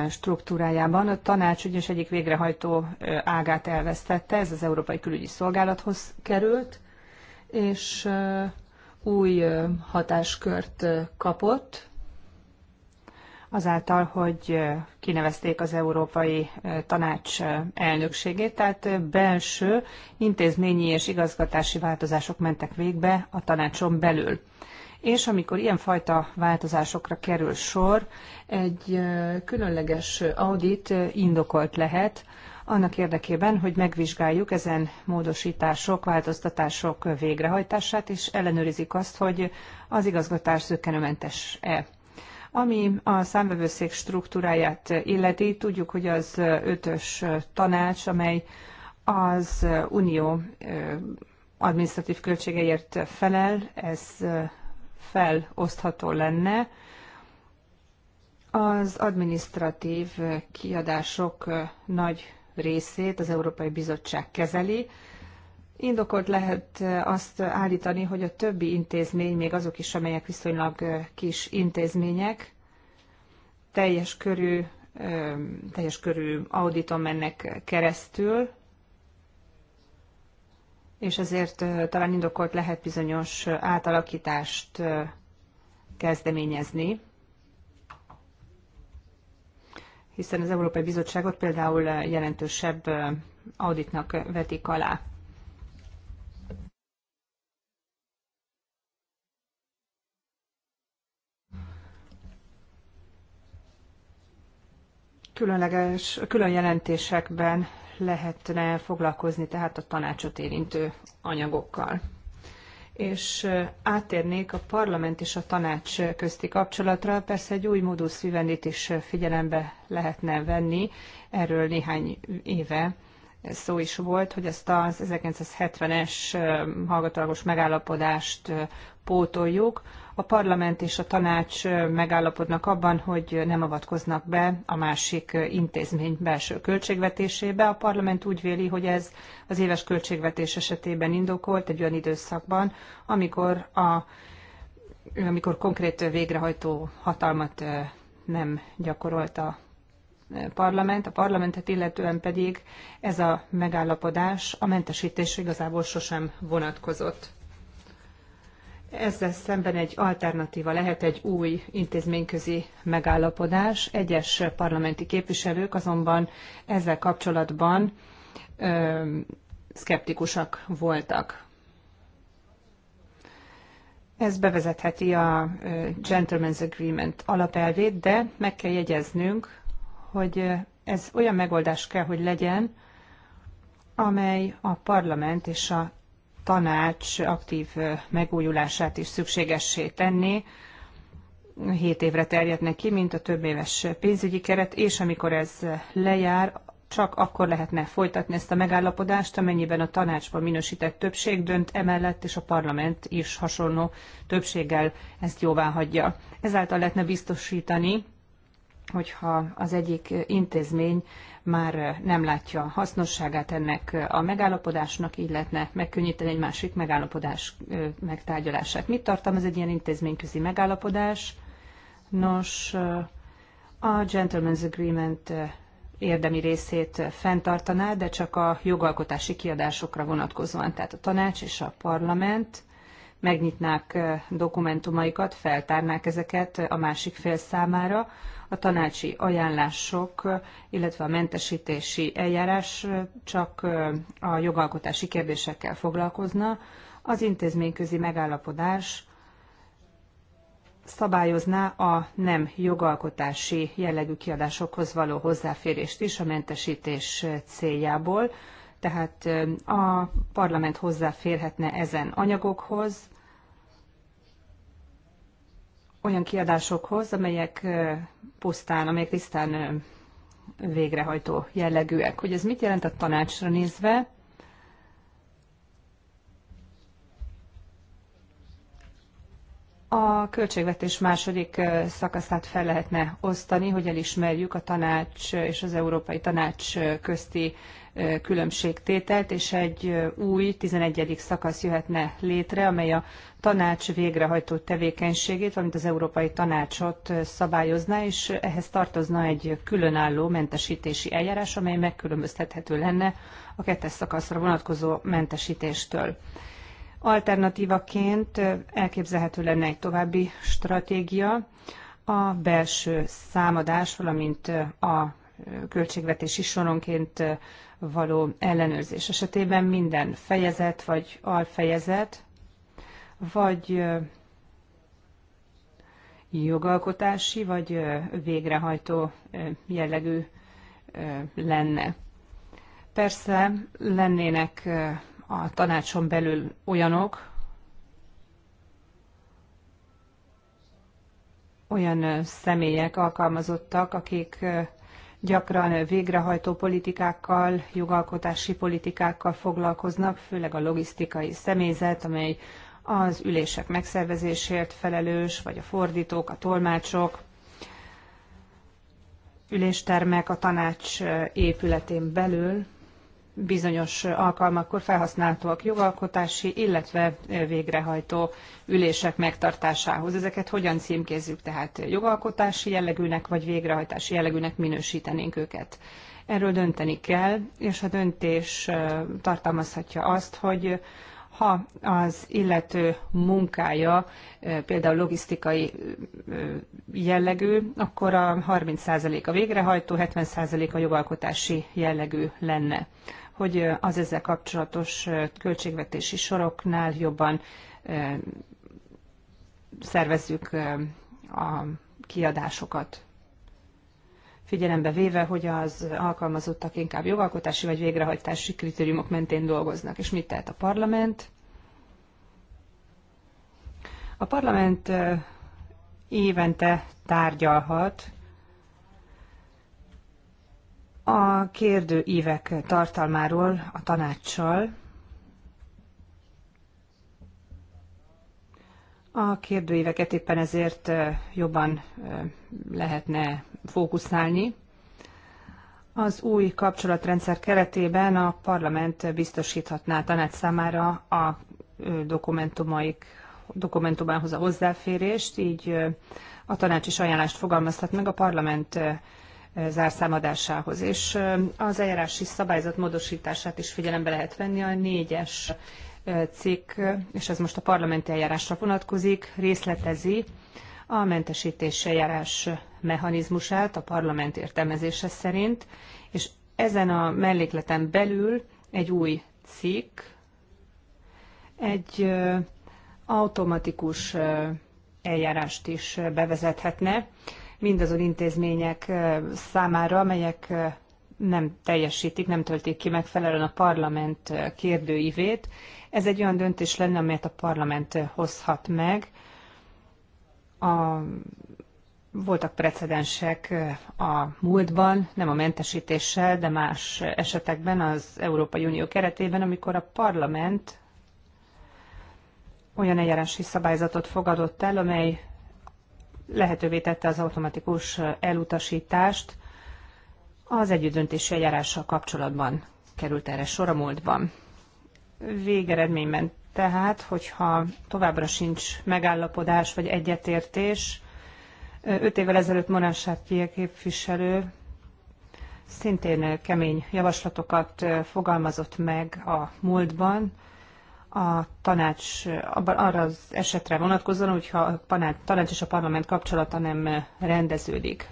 struktúrájában. A tanács ugyanis egyik végrehajtó ágát elvesztette, ez az Európai Külügyi Szolgálathoz került, és új hatáskört kapott, azáltal, hogy kinevezték az Európai Tanács elnökségét, tehát belső intézményi és igazgatási változások mentek végbe a tanácson belül és amikor ilyenfajta változásokra kerül sor, egy különleges audit indokolt lehet, annak érdekében, hogy megvizsgáljuk ezen módosítások, változtatások végrehajtását, és ellenőrizik azt, hogy az igazgatás zökkenőmentes-e. Ami a számvevőszék struktúráját illeti, tudjuk, hogy az ötös tanács, amely az unió administratív költségeért felel, ez felosztható lenne az adminisztratív kiadások nagy részét az Európai Bizottság kezeli. Indokolt lehet azt állítani, hogy a többi intézmény, még azok is, amelyek viszonylag kis intézmények, teljes körű, teljes körű auditon mennek keresztül, és ezért talán indokolt lehet bizonyos átalakítást kezdeményezni, hiszen az Európai Bizottságot például jelentősebb auditnak vetik alá. Különleges, külön jelentésekben lehetne foglalkozni tehát a tanácsot érintő anyagokkal. És átérnék a parlament és a tanács közti kapcsolatra. Persze egy új modus vivendit is figyelembe lehetne venni. Erről néhány éve szó is volt, hogy ezt az 1970-es hallgatólagos megállapodást pótoljuk, a parlament és a tanács megállapodnak abban, hogy nem avatkoznak be a másik intézmény belső költségvetésébe. A parlament úgy véli, hogy ez az éves költségvetés esetében indokolt egy olyan időszakban, amikor, a, amikor konkrét végrehajtó hatalmat nem gyakorolt a parlament, a parlamentet illetően pedig ez a megállapodás a mentesítésre igazából sosem vonatkozott. Ezzel szemben egy alternatíva lehet egy új intézményközi megállapodás. Egyes parlamenti képviselők azonban ezzel kapcsolatban szkeptikusak voltak. Ez bevezetheti a Gentleman's Agreement alapelvét, de meg kell jegyeznünk, hogy ez olyan megoldás kell, hogy legyen, amely a parlament és a tanács aktív megújulását is szükségessé tenni. Hét évre terjednek ki, mint a több éves pénzügyi keret, és amikor ez lejár, csak akkor lehetne folytatni ezt a megállapodást, amennyiben a tanácsban minősített többség dönt emellett, és a parlament is hasonló többséggel ezt jóvá hagyja. Ezáltal lehetne biztosítani, hogyha az egyik intézmény már nem látja hasznosságát ennek a megállapodásnak, így lehetne megkönnyíteni egy másik megállapodás megtárgyalását. Mit ez egy ilyen intézményközi megállapodás? Nos, a Gentleman's Agreement érdemi részét fenntartaná, de csak a jogalkotási kiadásokra vonatkozóan, tehát a tanács és a parlament megnyitnák dokumentumaikat, feltárnák ezeket a másik fél számára, a tanácsi ajánlások, illetve a mentesítési eljárás csak a jogalkotási kérdésekkel foglalkozna. Az intézményközi megállapodás szabályozná a nem jogalkotási jellegű kiadásokhoz való hozzáférést is a mentesítés céljából, tehát a parlament hozzáférhetne ezen anyagokhoz, olyan kiadásokhoz, amelyek pusztán, amelyek tisztán végrehajtó jellegűek. Hogy ez mit jelent a tanácsra nézve? A költségvetés második szakaszát fel lehetne osztani, hogy elismerjük a tanács és az Európai Tanács közti különbségtételt, és egy új 11. szakasz jöhetne létre, amely a tanács végrehajtó tevékenységét, valamint az Európai Tanácsot szabályozná, és ehhez tartozna egy különálló mentesítési eljárás, amely megkülönböztethető lenne a kettes szakaszra vonatkozó mentesítéstől. Alternatívaként elképzelhető lenne egy további stratégia, a belső számadás, valamint a költségvetési soronként való ellenőrzés esetében minden fejezet vagy alfejezet, vagy jogalkotási, vagy végrehajtó jellegű lenne. Persze lennének a tanácson belül olyanok, olyan személyek, alkalmazottak, akik gyakran végrehajtó politikákkal, jogalkotási politikákkal foglalkoznak, főleg a logisztikai személyzet, amely az ülések megszervezésért felelős, vagy a fordítók, a tolmácsok, üléstermek a tanács épületén belül, bizonyos alkalmakkor felhasználhatóak jogalkotási, illetve végrehajtó ülések megtartásához. Ezeket hogyan címkézzük, tehát jogalkotási jellegűnek vagy végrehajtási jellegűnek minősítenénk őket. Erről dönteni kell, és a döntés tartalmazhatja azt, hogy ha az illető munkája például logisztikai jellegű, akkor a 30% a végrehajtó, 70% a jogalkotási jellegű lenne hogy az ezzel kapcsolatos költségvetési soroknál jobban szervezzük a kiadásokat figyelembe véve, hogy az alkalmazottak inkább jogalkotási vagy végrehajtási kritériumok mentén dolgoznak. És mit tehet a parlament? A parlament évente tárgyalhat a évek tartalmáról a tanácssal. A kérdőíveket éppen ezért jobban lehetne fókuszálni. Az új kapcsolatrendszer keretében a parlament biztosíthatná a tanács számára a dokumentumaik, dokumentumához a hozzáférést, így a tanács is ajánlást fogalmazhat meg a parlament zárszámadásához. És az eljárási szabályzat módosítását is figyelembe lehet venni a négyes cikk, és ez most a parlamenti eljárásra vonatkozik, részletezi a mentesítési eljárás mechanizmusát a parlament értelmezése szerint, és ezen a mellékleten belül egy új cikk, egy automatikus eljárást is bevezethetne, mindazon intézmények számára, amelyek nem teljesítik, nem töltik ki megfelelően a parlament kérdőívét. Ez egy olyan döntés lenne, amelyet a parlament hozhat meg. A, voltak precedensek a múltban, nem a mentesítéssel, de más esetekben az Európai Unió keretében, amikor a parlament olyan eljárási szabályzatot fogadott el, amely lehetővé tette az automatikus elutasítást az együttdöntési eljárással kapcsolatban került erre sor a múltban. Végeredményben tehát, hogyha továbbra sincs megállapodás vagy egyetértés, öt évvel ezelőtt Morán Sártyé képviselő szintén kemény javaslatokat fogalmazott meg a múltban, a tanács arra az esetre vonatkozóan, hogyha a tanács és a parlament kapcsolata nem rendeződik.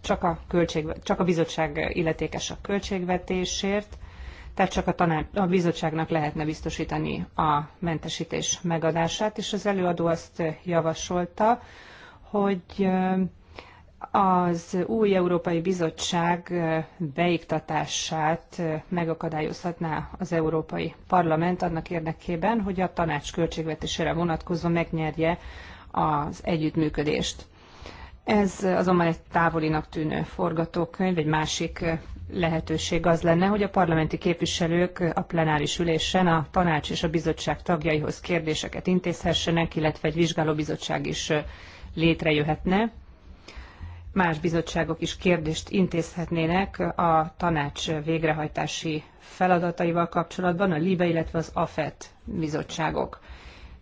Csak a, költség, csak a bizottság illetékes a költségvetésért, tehát csak a, tanács, a bizottságnak lehetne biztosítani a mentesítés megadását, és az előadó azt javasolta, hogy az új Európai Bizottság beiktatását megakadályozhatná az Európai Parlament annak érdekében, hogy a tanács költségvetésére vonatkozva megnyerje az együttműködést. Ez azonban egy távolinak tűnő forgatókönyv, egy másik lehetőség az lenne, hogy a parlamenti képviselők a plenáris ülésen a tanács és a bizottság tagjaihoz kérdéseket intézhessenek, illetve egy vizsgálóbizottság is létrejöhetne, más bizottságok is kérdést intézhetnének a tanács végrehajtási feladataival kapcsolatban, a LIBE, illetve az AFET bizottságok.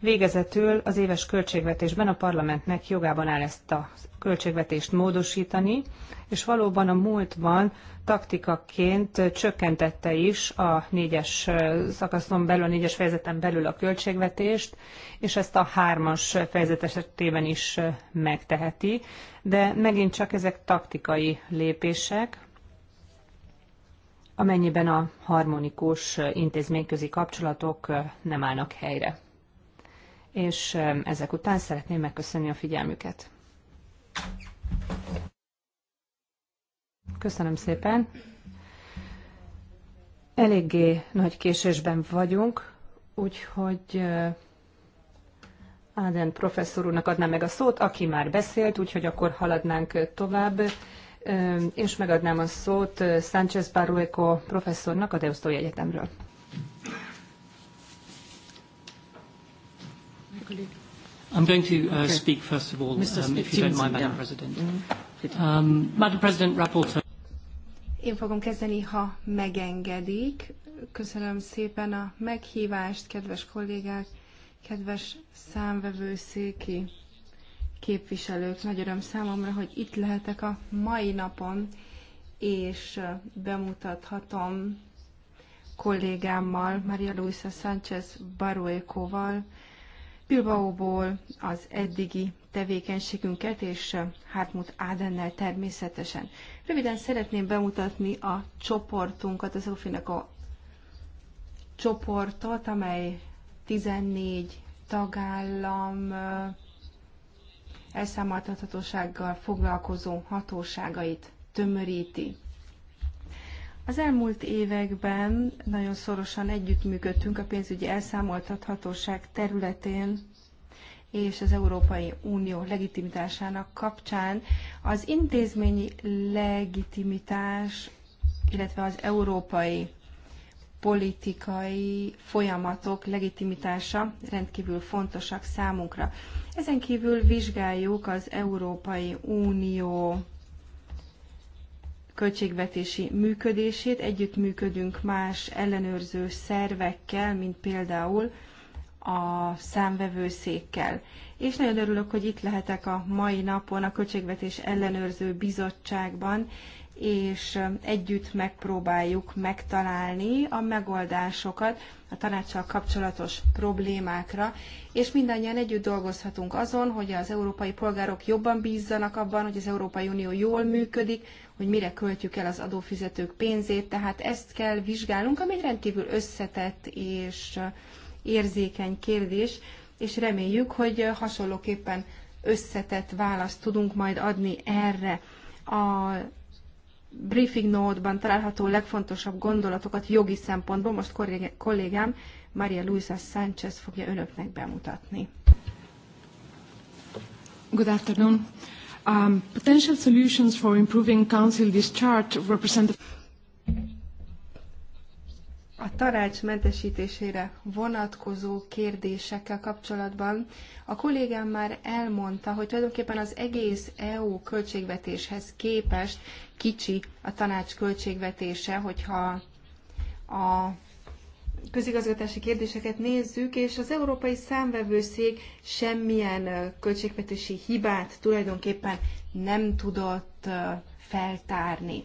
Végezetül az éves költségvetésben a parlamentnek jogában áll ezt a költségvetést módosítani, és valóban a múltban taktikaként csökkentette is a négyes szakaszon belül, a négyes fejezeten belül a költségvetést, és ezt a hármas fejezet esetében is megteheti, de megint csak ezek taktikai lépések, amennyiben a harmonikus intézményközi kapcsolatok nem állnak helyre és ezek után szeretném megköszönni a figyelmüket. Köszönöm szépen. Eléggé nagy késésben vagyunk, úgyhogy eh, Áden professzor úrnak adnám meg a szót, aki már beszélt, úgyhogy akkor haladnánk tovább, és megadnám a szót eh, Sánchez Barueco professzornak a Deusztói Egyetemről. colleague? I'm going to uh, okay. speak first of all, um, if you don't mind, Madam President. Mm-hmm. Um, Madam President, Rapporteur. Én fogom kezdeni, ha megengedik. Köszönöm szépen a meghívást, kedves kollégák, kedves számvevőszéki képviselők. Nagy öröm számomra, hogy itt lehetek a mai napon, és bemutathatom kollégámmal, Maria Luisa Sánchez Baruékóval, Bilbaóból az eddigi tevékenységünket, és eh, Hartmut Ádennel természetesen. Röviden szeretném bemutatni a csoportunkat, az Ofinak a csoportot, amely 14 tagállam eh, elszámoltathatósággal foglalkozó hatóságait tömöríti. Az elmúlt években nagyon szorosan együttműködtünk a pénzügyi elszámoltathatóság területén és az Európai Unió legitimitásának kapcsán. Az intézményi legitimitás, illetve az európai politikai folyamatok legitimitása rendkívül fontosak számunkra. Ezen kívül vizsgáljuk az Európai Unió költségvetési működését. Együttműködünk más ellenőrző szervekkel, mint például a számvevőszékkel. És nagyon örülök, hogy itt lehetek a mai napon a Költségvetés Ellenőrző Bizottságban, és együtt megpróbáljuk megtalálni a megoldásokat a tanácssal kapcsolatos problémákra, és mindannyian együtt dolgozhatunk azon, hogy az európai polgárok jobban bízzanak abban, hogy az Európai Unió jól működik, hogy mire költjük el az adófizetők pénzét, tehát ezt kell vizsgálnunk, ami egy rendkívül összetett és érzékeny kérdés, és reméljük, hogy hasonlóképpen összetett választ tudunk majd adni erre a briefing note-ban található legfontosabb gondolatokat jogi szempontból most kollégám Maria Luisa Sánchez fogja önöknek bemutatni. Good afternoon. Um, potential solutions for improving council discharge represent a tanács mentesítésére vonatkozó kérdésekkel kapcsolatban a kollégám már elmondta, hogy tulajdonképpen az egész EU költségvetéshez képest kicsi a tanács költségvetése, hogyha a közigazgatási kérdéseket nézzük, és az Európai Számvevőszék semmilyen költségvetési hibát tulajdonképpen nem tudott feltárni.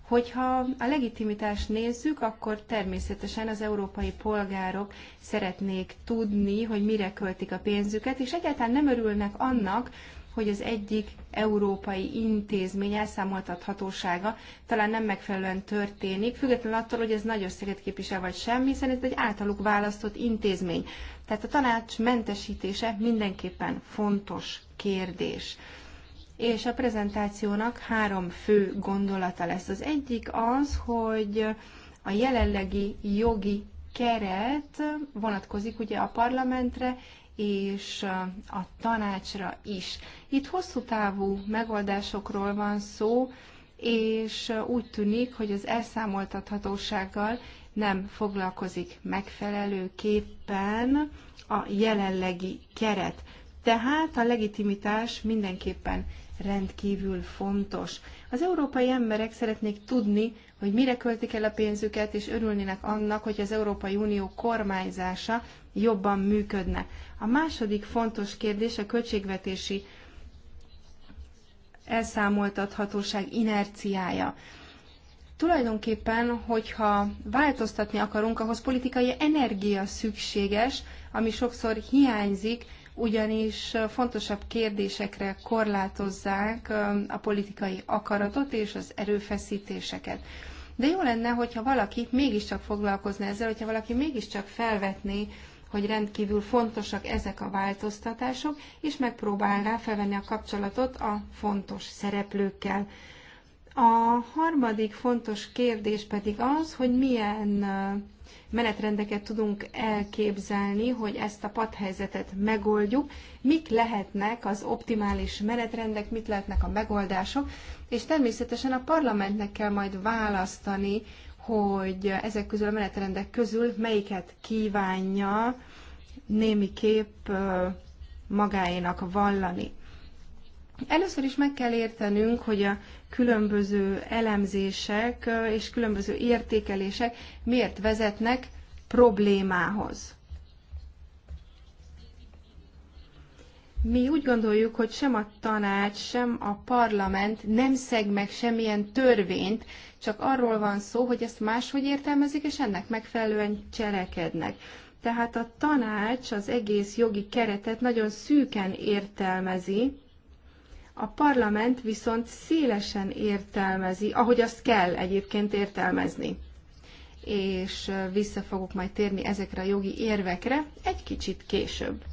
Hogyha a legitimitást nézzük, akkor természetesen az európai polgárok szeretnék tudni, hogy mire költik a pénzüket, és egyáltalán nem örülnek annak, hogy az egyik európai intézmény elszámoltathatósága talán nem megfelelően történik, függetlenül attól, hogy ez nagy összeget képvisel vagy sem, hiszen ez egy általuk választott intézmény. Tehát a tanács mentesítése mindenképpen fontos kérdés. És a prezentációnak három fő gondolata lesz. Az egyik az, hogy a jelenlegi jogi keret vonatkozik ugye a parlamentre és a tanácsra is. Itt hosszú távú megoldásokról van szó, és úgy tűnik, hogy az elszámoltathatósággal nem foglalkozik megfelelőképpen a jelenlegi keret. Tehát a legitimitás mindenképpen rendkívül fontos. Az európai emberek szeretnék tudni, hogy mire költik el a pénzüket, és örülnének annak, hogy az Európai Unió kormányzása jobban működne. A második fontos kérdés a költségvetési elszámoltathatóság inerciája. Tulajdonképpen, hogyha változtatni akarunk, ahhoz politikai energia szükséges, ami sokszor hiányzik, ugyanis fontosabb kérdésekre korlátozzák a politikai akaratot és az erőfeszítéseket. De jó lenne, hogyha valaki mégiscsak foglalkozna ezzel, hogyha valaki mégiscsak felvetné hogy rendkívül fontosak ezek a változtatások, és megpróbálná felvenni a kapcsolatot a fontos szereplőkkel. A harmadik fontos kérdés pedig az, hogy milyen menetrendeket tudunk elképzelni, hogy ezt a padhelyzetet megoldjuk, mik lehetnek az optimális menetrendek, mit lehetnek a megoldások, és természetesen a parlamentnek kell majd választani, hogy ezek közül a menetrendek közül melyiket kívánja némiképp magáénak vallani. Először is meg kell értenünk, hogy a különböző elemzések és különböző értékelések miért vezetnek problémához. Mi úgy gondoljuk, hogy sem a tanács, sem a parlament nem szeg meg semmilyen törvényt, csak arról van szó, hogy ezt máshogy értelmezik, és ennek megfelelően cselekednek. Tehát a tanács az egész jogi keretet nagyon szűken értelmezi, a parlament viszont szélesen értelmezi, ahogy azt kell egyébként értelmezni. És vissza fogok majd térni ezekre a jogi érvekre egy kicsit később.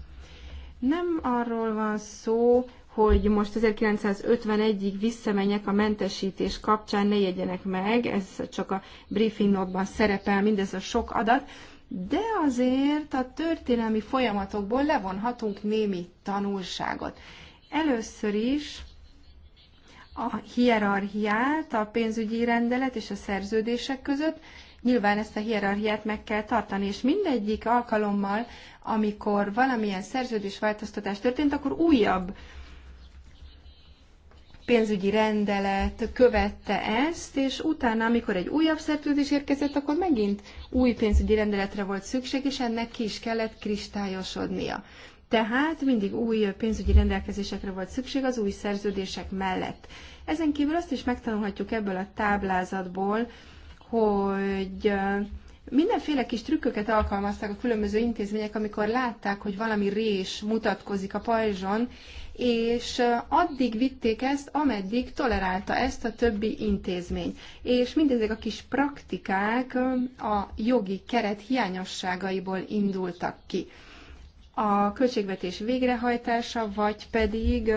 Nem arról van szó, hogy most 1951-ig visszamenjek a mentesítés kapcsán, ne jegyenek meg, ez csak a briefing notban szerepel mindez a sok adat, de azért a történelmi folyamatokból levonhatunk némi tanulságot. Először is a hierarchiát a pénzügyi rendelet és a szerződések között. Nyilván ezt a hierarchiát meg kell tartani, és mindegyik alkalommal, amikor valamilyen szerződésváltoztatás történt, akkor újabb pénzügyi rendelet követte ezt, és utána, amikor egy újabb szerződés érkezett, akkor megint új pénzügyi rendeletre volt szükség, és ennek ki is kellett kristályosodnia. Tehát mindig új pénzügyi rendelkezésekre volt szükség az új szerződések mellett. Ezen kívül azt is megtanulhatjuk ebből a táblázatból, hogy Mindenféle kis trükköket alkalmaztak a különböző intézmények, amikor látták, hogy valami rés mutatkozik a pajzson, és addig vitték ezt, ameddig tolerálta ezt a többi intézmény. És mindezek a kis praktikák a jogi keret hiányosságaiból indultak ki. A költségvetés végrehajtása, vagy pedig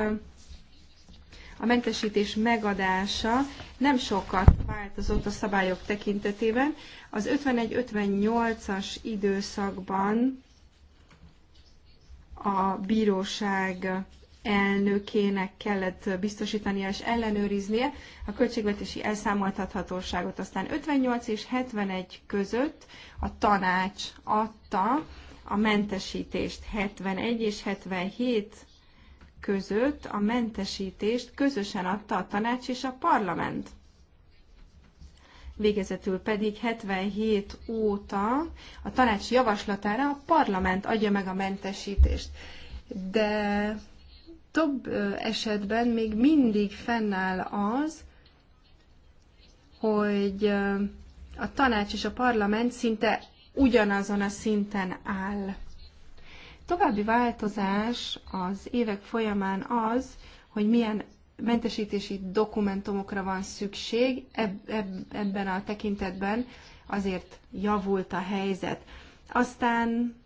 a mentesítés megadása nem sokat változott a szabályok tekintetében. Az 51-58-as időszakban a bíróság elnökének kellett biztosítania és ellenőriznie a költségvetési elszámoltathatóságot. Aztán 58 és 71 között a tanács adta a mentesítést 71 és 77 között a mentesítést közösen adta a tanács és a parlament. Végezetül pedig 77 óta a tanács javaslatára a parlament adja meg a mentesítést. De több esetben még mindig fennáll az, hogy a tanács és a parlament szinte ugyanazon a szinten áll. További változás az évek folyamán az, hogy milyen mentesítési dokumentumokra van szükség, eb- eb- ebben a tekintetben azért javult a helyzet. Aztán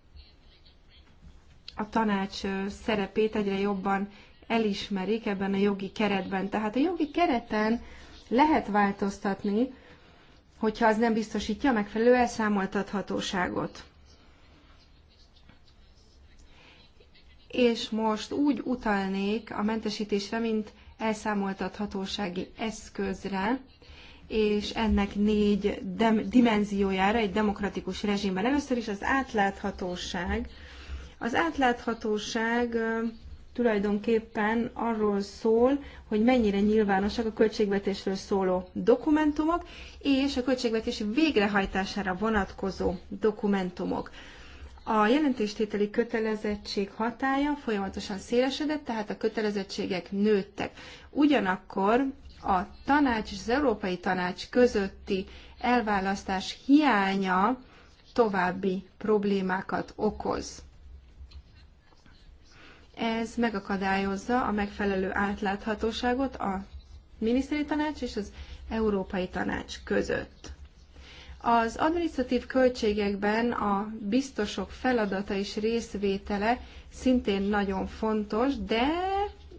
a tanács szerepét egyre jobban elismerik ebben a jogi keretben. Tehát a jogi kereten lehet változtatni, hogyha az nem biztosítja a megfelelő elszámoltathatóságot. és most úgy utalnék a mentesítésre, mint elszámoltathatósági eszközre, és ennek négy dimenziójára egy demokratikus rezsimben. Először is az átláthatóság. Az átláthatóság tulajdonképpen arról szól, hogy mennyire nyilvánosak a költségvetésről szóló dokumentumok, és a költségvetés végrehajtására vonatkozó dokumentumok. A jelentéstételi kötelezettség hatája folyamatosan szélesedett, tehát a kötelezettségek nőttek. Ugyanakkor a tanács és az Európai Tanács közötti elválasztás hiánya további problémákat okoz. Ez megakadályozza a megfelelő átláthatóságot a miniszteri tanács és az Európai Tanács között. Az administratív költségekben a biztosok feladata és részvétele szintén nagyon fontos, de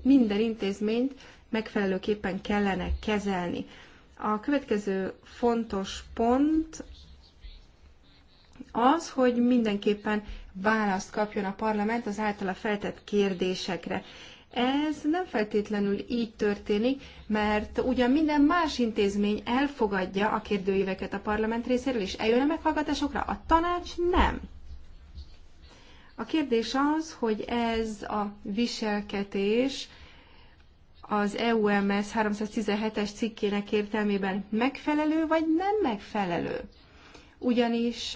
minden intézményt megfelelőképpen kellene kezelni. A következő fontos pont az, hogy mindenképpen választ kapjon a parlament az általa feltett kérdésekre. Ez nem feltétlenül így történik, mert ugyan minden más intézmény elfogadja a kérdőíveket a parlament részéről, és eljön a meghallgatásokra, a tanács nem. A kérdés az, hogy ez a viselkedés az EUMS 317-es cikkének értelmében megfelelő, vagy nem megfelelő. Ugyanis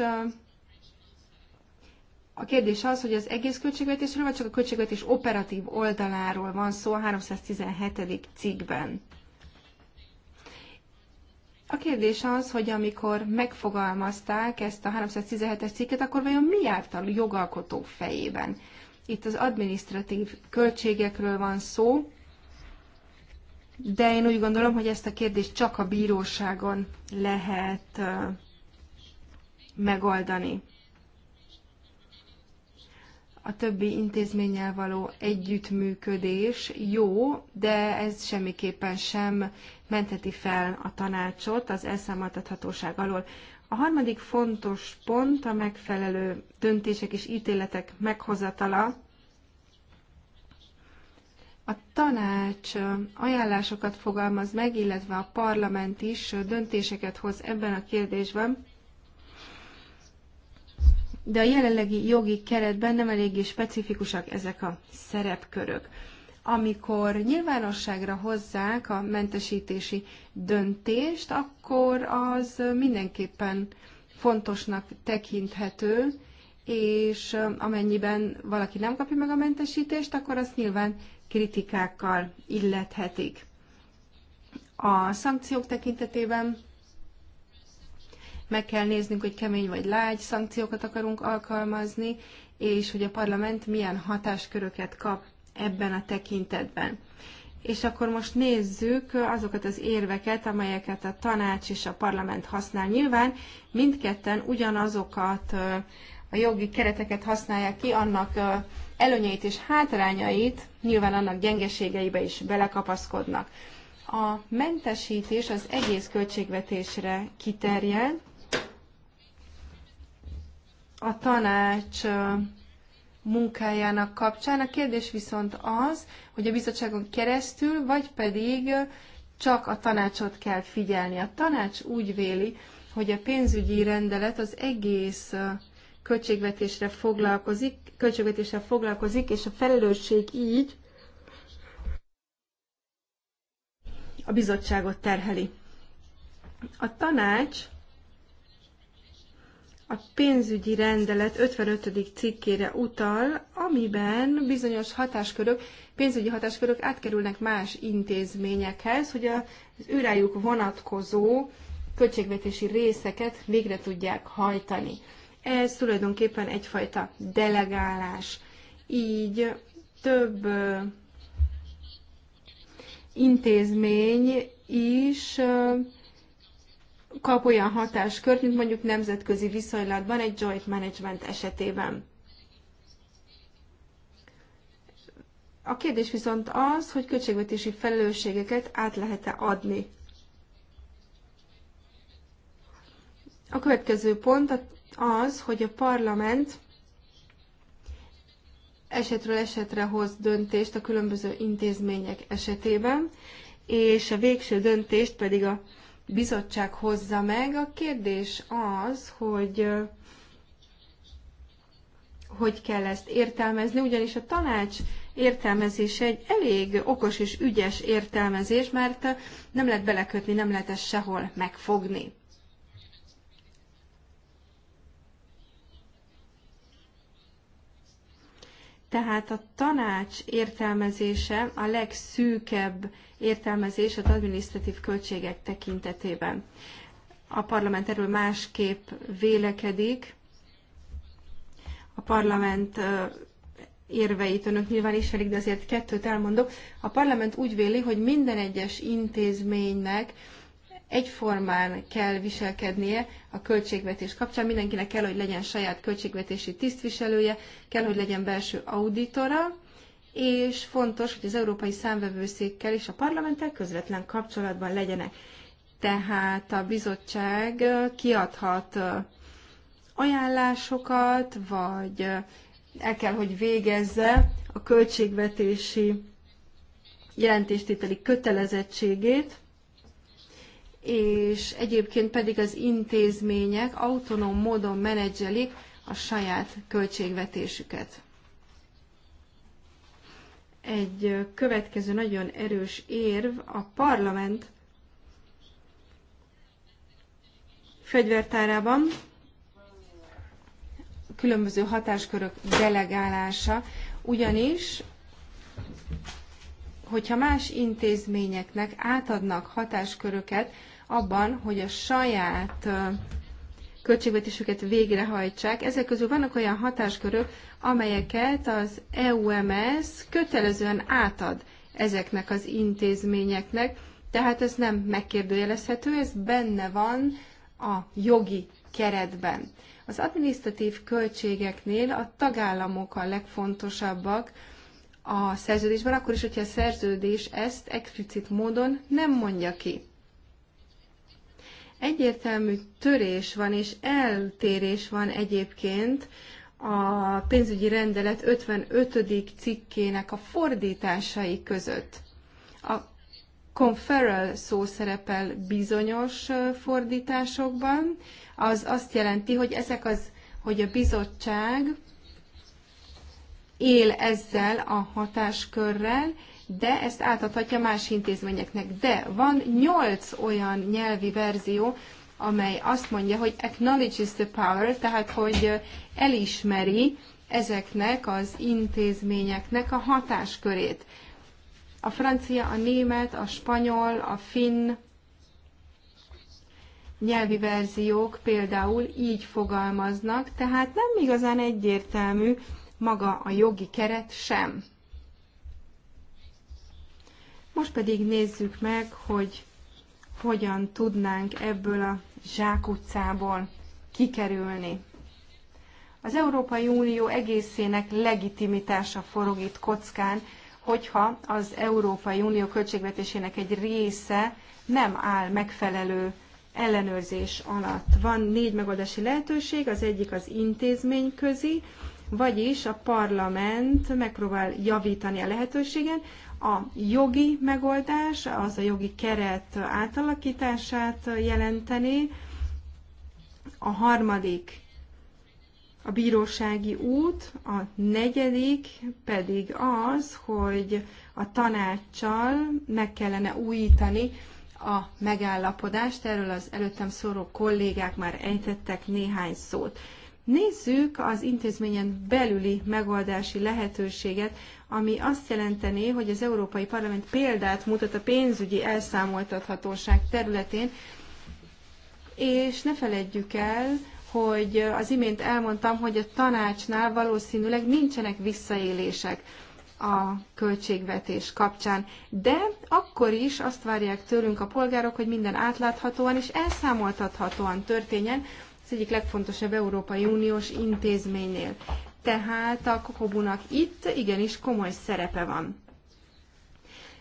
a kérdés az, hogy az egész költségvetésről, vagy csak a költségvetés operatív oldaláról van szó a 317. cikkben. A kérdés az, hogy amikor megfogalmazták ezt a 317-es cikket, akkor vajon mi járt a jogalkotó fejében? Itt az administratív költségekről van szó, de én úgy gondolom, hogy ezt a kérdést csak a bíróságon lehet megoldani a többi intézménnyel való együttműködés jó, de ez semmiképpen sem menteti fel a tanácsot az elszámoltathatóság alól. A harmadik fontos pont a megfelelő döntések és ítéletek meghozatala. A tanács ajánlásokat fogalmaz meg, illetve a parlament is döntéseket hoz ebben a kérdésben, de a jelenlegi jogi keretben nem eléggé specifikusak ezek a szerepkörök. Amikor nyilvánosságra hozzák a mentesítési döntést, akkor az mindenképpen fontosnak tekinthető, és amennyiben valaki nem kapja meg a mentesítést, akkor azt nyilván kritikákkal illethetik. A szankciók tekintetében meg kell néznünk, hogy kemény vagy lágy szankciókat akarunk alkalmazni, és hogy a parlament milyen hatásköröket kap ebben a tekintetben. És akkor most nézzük azokat az érveket, amelyeket a tanács és a parlament használ. Nyilván mindketten ugyanazokat a jogi kereteket használják ki, annak előnyeit és hátrányait, nyilván annak gyengeségeibe is belekapaszkodnak. A mentesítés az egész költségvetésre kiterjed, a tanács munkájának kapcsán. A kérdés viszont az, hogy a bizottságon keresztül, vagy pedig csak a tanácsot kell figyelni. A tanács úgy véli, hogy a pénzügyi rendelet az egész költségvetésre foglalkozik, költségvetésre foglalkozik, és a felelősség így a bizottságot terheli. A tanács a pénzügyi rendelet 55. cikkére utal, amiben bizonyos hatáskörök, pénzügyi hatáskörök átkerülnek más intézményekhez, hogy az őrájuk vonatkozó költségvetési részeket végre tudják hajtani. Ez tulajdonképpen egyfajta delegálás. Így több intézmény is kap olyan hatáskört, mint mondjuk nemzetközi viszonylatban egy joint management esetében. A kérdés viszont az, hogy költségvetési felelősségeket át lehet-e adni. A következő pont az, hogy a parlament esetről esetre hoz döntést a különböző intézmények esetében, és a végső döntést pedig a bizottság hozza meg. A kérdés az, hogy hogy kell ezt értelmezni, ugyanis a tanács értelmezése egy elég okos és ügyes értelmezés, mert nem lehet belekötni, nem lehet ezt sehol megfogni. Tehát a tanács értelmezése a legszűkebb értelmezés az adminisztratív költségek tekintetében. A parlament erről másképp vélekedik. A parlament érveit önök nyilván ismerik, de azért kettőt elmondok. A parlament úgy véli, hogy minden egyes intézménynek egyformán kell viselkednie a költségvetés kapcsán. Mindenkinek kell, hogy legyen saját költségvetési tisztviselője, kell, hogy legyen belső auditora, és fontos, hogy az Európai Számvevőszékkel és a parlamenttel közvetlen kapcsolatban legyenek. Tehát a bizottság kiadhat ajánlásokat, vagy el kell, hogy végezze a költségvetési jelentéstételi kötelezettségét, és egyébként pedig az intézmények autonóm módon menedzselik a saját költségvetésüket. Egy következő nagyon erős érv a parlament fegyvertárában különböző hatáskörök delegálása, ugyanis hogyha más intézményeknek átadnak hatásköröket, abban, hogy a saját költségvetésüket végrehajtsák. Ezek közül vannak olyan hatáskörök, amelyeket az EUMS kötelezően átad ezeknek az intézményeknek, tehát ez nem megkérdőjelezhető, ez benne van a jogi keretben. Az adminisztratív költségeknél a tagállamok a legfontosabbak a szerződésben, akkor is, hogyha a szerződés ezt explicit módon nem mondja ki. Egyértelmű törés van és eltérés van egyébként a pénzügyi rendelet 55. cikkének a fordításai között. A conferral szó szerepel bizonyos fordításokban, az azt jelenti, hogy ezek az, hogy a bizottság él ezzel a hatáskörrel, de ezt átadhatja más intézményeknek. De van nyolc olyan nyelvi verzió, amely azt mondja, hogy acknowledges the power, tehát hogy elismeri ezeknek az intézményeknek a hatáskörét. A francia, a német, a spanyol, a finn nyelvi verziók például így fogalmaznak, tehát nem igazán egyértelmű maga a jogi keret sem. Most pedig nézzük meg, hogy hogyan tudnánk ebből a zsákutcából kikerülni. Az Európai Unió egészének legitimitása forog itt kockán, hogyha az Európai Unió költségvetésének egy része nem áll megfelelő ellenőrzés alatt. Van négy megoldási lehetőség, az egyik az intézményközi, vagyis a parlament megpróbál javítani a lehetőségen, a jogi megoldás az a jogi keret átalakítását jelenteni, a harmadik a bírósági út, a negyedik pedig az, hogy a tanácssal meg kellene újítani a megállapodást, erről az előttem szóró kollégák már ejtettek néhány szót. Nézzük az intézményen belüli megoldási lehetőséget, ami azt jelenteni, hogy az Európai Parlament példát mutat a pénzügyi elszámoltathatóság területén, és ne feledjük el, hogy az imént elmondtam, hogy a tanácsnál valószínűleg nincsenek visszaélések a költségvetés kapcsán. De akkor is azt várják tőlünk a polgárok, hogy minden átláthatóan és elszámoltathatóan történjen, az egyik legfontosabb Európai Uniós intézménynél. Tehát a Kokobunak itt igenis komoly szerepe van.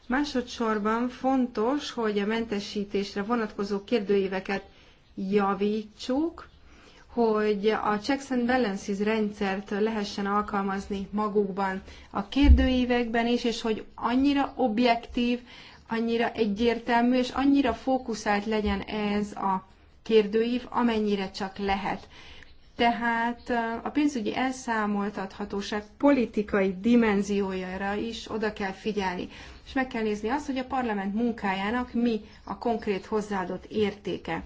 Másodszorban fontos, hogy a mentesítésre vonatkozó kérdőíveket javítsuk, hogy a checks and balances rendszert lehessen alkalmazni magukban a kérdőívekben is, és hogy annyira objektív, annyira egyértelmű, és annyira fókuszált legyen ez a kérdőív, amennyire csak lehet. Tehát a pénzügyi elszámoltathatóság politikai dimenziójára is oda kell figyelni. És meg kell nézni azt, hogy a parlament munkájának mi a konkrét hozzáadott értéke.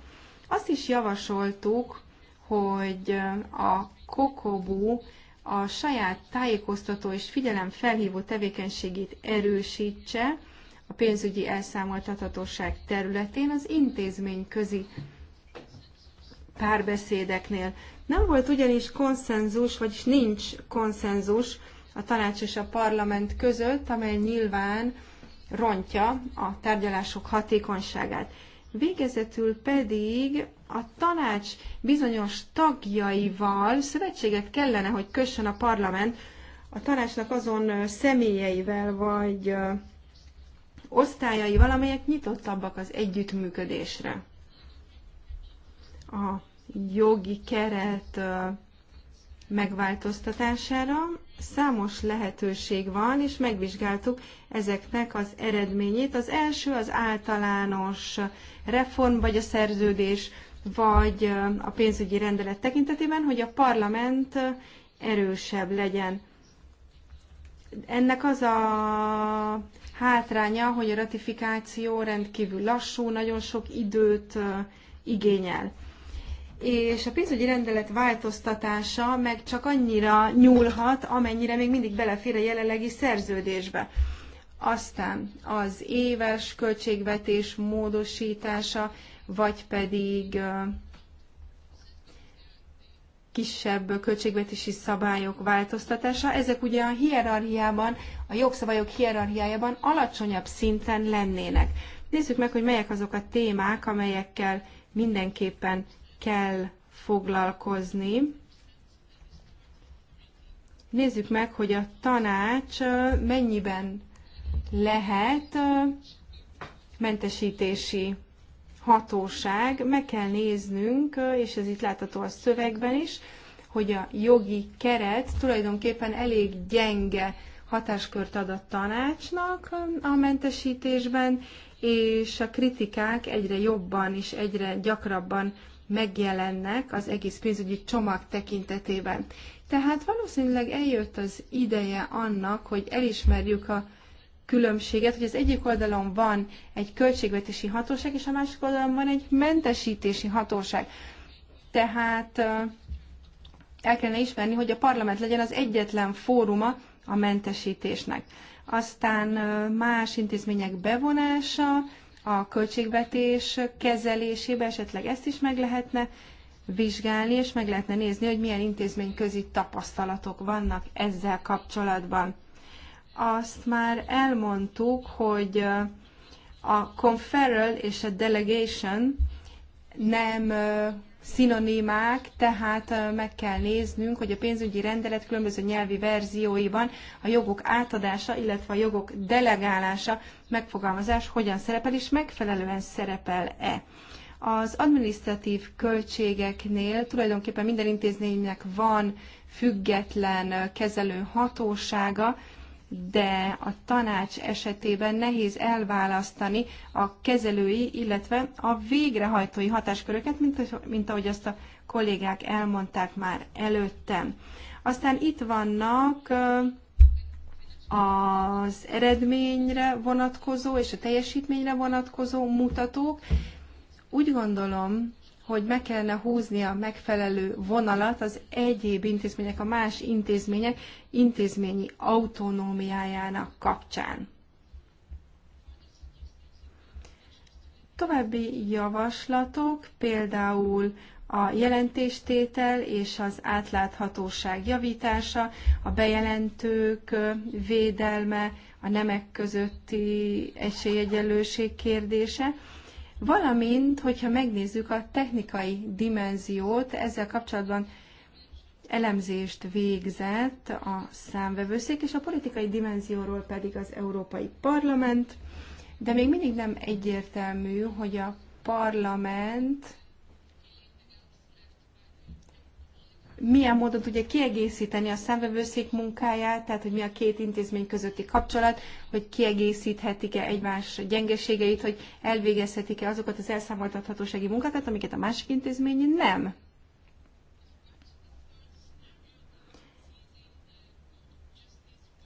Azt is javasoltuk, hogy a kokobú a saját tájékoztató és figyelemfelhívó tevékenységét erősítse a pénzügyi elszámoltathatóság területén az intézmény közi párbeszédeknél. Nem volt ugyanis konszenzus, vagyis nincs konszenzus a tanács és a parlament között, amely nyilván rontja a tárgyalások hatékonyságát. Végezetül pedig a tanács bizonyos tagjaival szövetséget kellene, hogy kössön a parlament a tanácsnak azon személyeivel vagy osztályaival, amelyek nyitottabbak az együttműködésre. A jogi keret megváltoztatására számos lehetőség van, és megvizsgáltuk ezeknek az eredményét. Az első az általános reform, vagy a szerződés, vagy a pénzügyi rendelet tekintetében, hogy a parlament erősebb legyen. Ennek az a hátránya, hogy a ratifikáció rendkívül lassú, nagyon sok időt igényel és a pénzügyi rendelet változtatása meg csak annyira nyúlhat, amennyire még mindig belefér a jelenlegi szerződésbe. Aztán az éves költségvetés módosítása, vagy pedig kisebb költségvetési szabályok változtatása, ezek ugye a hierarchiában, a jogszabályok hierarchiájában alacsonyabb szinten lennének. Nézzük meg, hogy melyek azok a témák, amelyekkel mindenképpen kell foglalkozni. Nézzük meg, hogy a tanács mennyiben lehet mentesítési hatóság. Meg kell néznünk, és ez itt látható a szövegben is, hogy a jogi keret tulajdonképpen elég gyenge hatáskört ad a tanácsnak a mentesítésben, és a kritikák egyre jobban és egyre gyakrabban megjelennek az egész pénzügyi csomag tekintetében. Tehát valószínűleg eljött az ideje annak, hogy elismerjük a különbséget, hogy az egyik oldalon van egy költségvetési hatóság, és a másik oldalon van egy mentesítési hatóság. Tehát el kellene ismerni, hogy a parlament legyen az egyetlen fóruma a mentesítésnek. Aztán más intézmények bevonása, a költségvetés kezelésébe, esetleg ezt is meg lehetne vizsgálni, és meg lehetne nézni, hogy milyen intézményközi tapasztalatok vannak ezzel kapcsolatban. Azt már elmondtuk, hogy a conferral és a delegation nem szinonimák, tehát meg kell néznünk, hogy a pénzügyi rendelet különböző nyelvi verzióiban a jogok átadása, illetve a jogok delegálása megfogalmazás hogyan szerepel, és megfelelően szerepel-e. Az administratív költségeknél tulajdonképpen minden intézménynek van független kezelő hatósága, de a tanács esetében nehéz elválasztani a kezelői, illetve a végrehajtói hatásköröket, mint, mint ahogy azt a kollégák elmondták már előttem. Aztán itt vannak az eredményre vonatkozó és a teljesítményre vonatkozó mutatók. Úgy gondolom, hogy meg kellene húzni a megfelelő vonalat az egyéb intézmények, a más intézmények intézményi autonómiájának kapcsán. További javaslatok, például a jelentéstétel és az átláthatóság javítása, a bejelentők védelme, a nemek közötti esélyegyenlőség kérdése, valamint, hogyha megnézzük a technikai dimenziót, ezzel kapcsolatban elemzést végzett a számvevőszék, és a politikai dimenzióról pedig az Európai Parlament, de még mindig nem egyértelmű, hogy a parlament milyen módon tudja kiegészíteni a szemvevőszék munkáját, tehát hogy mi a két intézmény közötti kapcsolat, hogy kiegészíthetik-e egymás gyengeségeit, hogy elvégezhetik-e azokat az elszámoltathatósági munkákat, amiket a másik intézmény nem.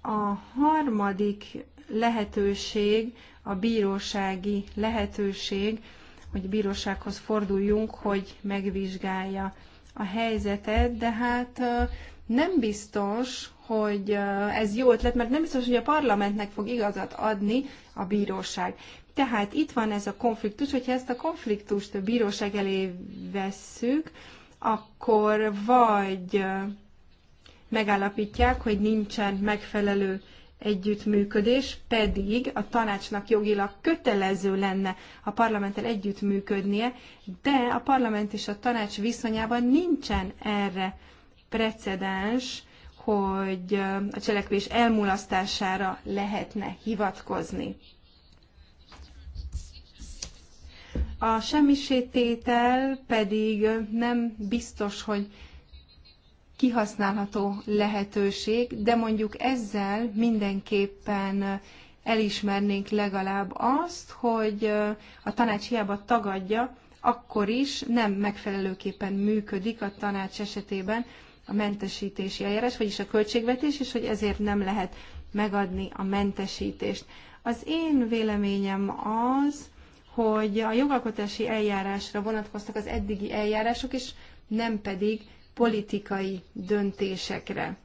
A harmadik lehetőség, a bírósági lehetőség, hogy bírósághoz forduljunk, hogy megvizsgálja a helyzetet, de hát nem biztos, hogy ez jó ötlet, mert nem biztos, hogy a parlamentnek fog igazat adni a bíróság. Tehát itt van ez a konfliktus, hogyha ezt a konfliktust a bíróság elé vesszük, akkor vagy megállapítják, hogy nincsen megfelelő együttműködés, pedig a tanácsnak jogilag kötelező lenne a parlamenttel együttműködnie, de a parlament és a tanács viszonyában nincsen erre precedens, hogy a cselekvés elmulasztására lehetne hivatkozni. A semmisététel pedig nem biztos, hogy kihasználható lehetőség, de mondjuk ezzel mindenképpen elismernénk legalább azt, hogy a tanács hiába tagadja, akkor is nem megfelelőképpen működik a tanács esetében a mentesítési eljárás, vagyis a költségvetés, és hogy ezért nem lehet megadni a mentesítést. Az én véleményem az, hogy a jogalkotási eljárásra vonatkoztak az eddigi eljárások, és nem pedig politikai döntésekre.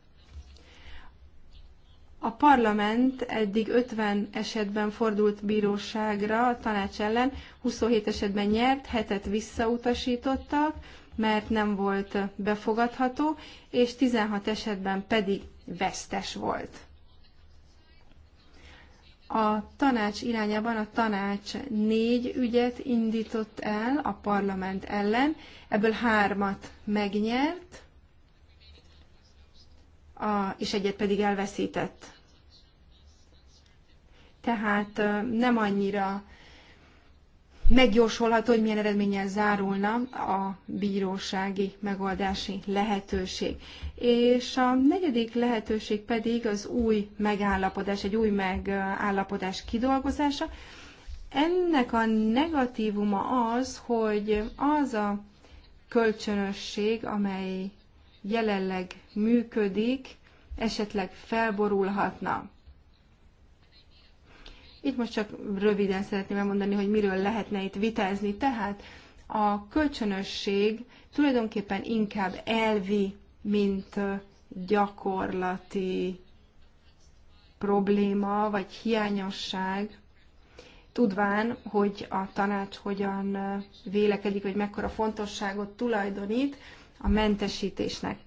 A parlament eddig 50 esetben fordult bíróságra a tanács ellen, 27 esetben nyert, hetet visszautasítottak, mert nem volt befogadható, és 16 esetben pedig vesztes volt a tanács irányában a tanács négy ügyet indított el a parlament ellen, ebből hármat megnyert, a, és egyet pedig elveszített. Tehát nem annyira megjósolható, hogy milyen eredménnyel zárulna a bírósági megoldási lehetőség. És a negyedik lehetőség pedig az új megállapodás, egy új megállapodás kidolgozása. Ennek a negatívuma az, hogy az a kölcsönösség, amely jelenleg működik, esetleg felborulhatna. Itt most csak röviden szeretném elmondani, hogy miről lehetne itt vitázni. Tehát a kölcsönösség tulajdonképpen inkább elvi, mint gyakorlati probléma vagy hiányosság, tudván, hogy a tanács hogyan vélekedik, hogy mekkora fontosságot tulajdonít a mentesítésnek.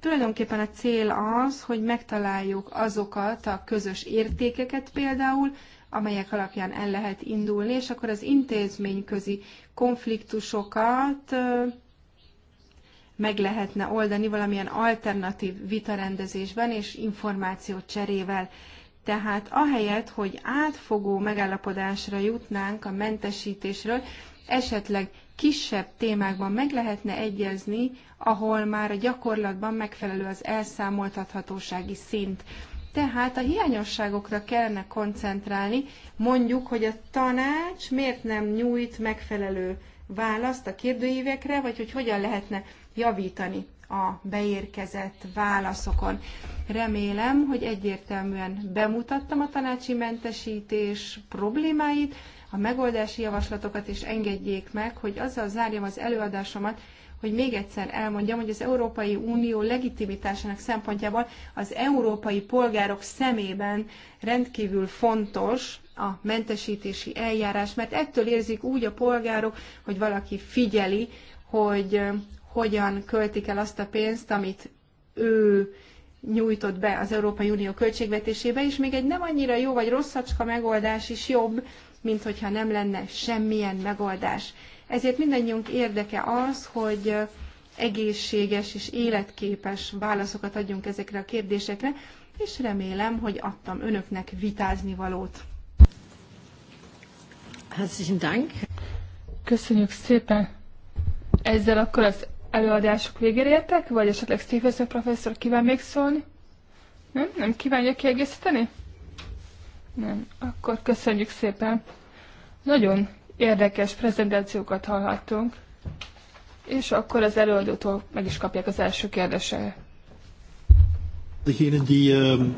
Tulajdonképpen a cél az, hogy megtaláljuk azokat a közös értékeket például, amelyek alapján el lehet indulni, és akkor az intézményközi konfliktusokat meg lehetne oldani valamilyen alternatív vitarendezésben és információ cserével. Tehát ahelyett, hogy átfogó megállapodásra jutnánk a mentesítésről, esetleg kisebb témákban meg lehetne egyezni, ahol már a gyakorlatban megfelelő az elszámoltathatósági szint. Tehát a hiányosságokra kellene koncentrálni, mondjuk, hogy a tanács miért nem nyújt megfelelő választ a kérdőívekre, vagy hogy hogyan lehetne javítani a beérkezett válaszokon. Remélem, hogy egyértelműen bemutattam a tanácsi mentesítés problémáit, a megoldási javaslatokat, és engedjék meg, hogy azzal zárjam az előadásomat, hogy még egyszer elmondjam, hogy az Európai Unió legitimitásának szempontjából az európai polgárok szemében rendkívül fontos a mentesítési eljárás, mert ettől érzik úgy a polgárok, hogy valaki figyeli, hogy hogyan költik el azt a pénzt, amit ő nyújtott be az Európai Unió költségvetésébe, és még egy nem annyira jó vagy rosszacska megoldás is jobb, mint hogyha nem lenne semmilyen megoldás. Ezért mindannyiunk érdeke az, hogy egészséges és életképes válaszokat adjunk ezekre a kérdésekre, és remélem, hogy adtam önöknek vitázni valót. Herzlichen Dank. Köszönjük szépen. Ezzel akkor az előadások végére értek, vagy esetleg Stevenson professzor kíván még szólni? Nem? Nem kívánja kiegészíteni? Nem, akkor köszönjük szépen. Nagyon érdekes prezentációkat hallhattunk, és akkor az előadótól meg is kapják az első kérdése. Ehm,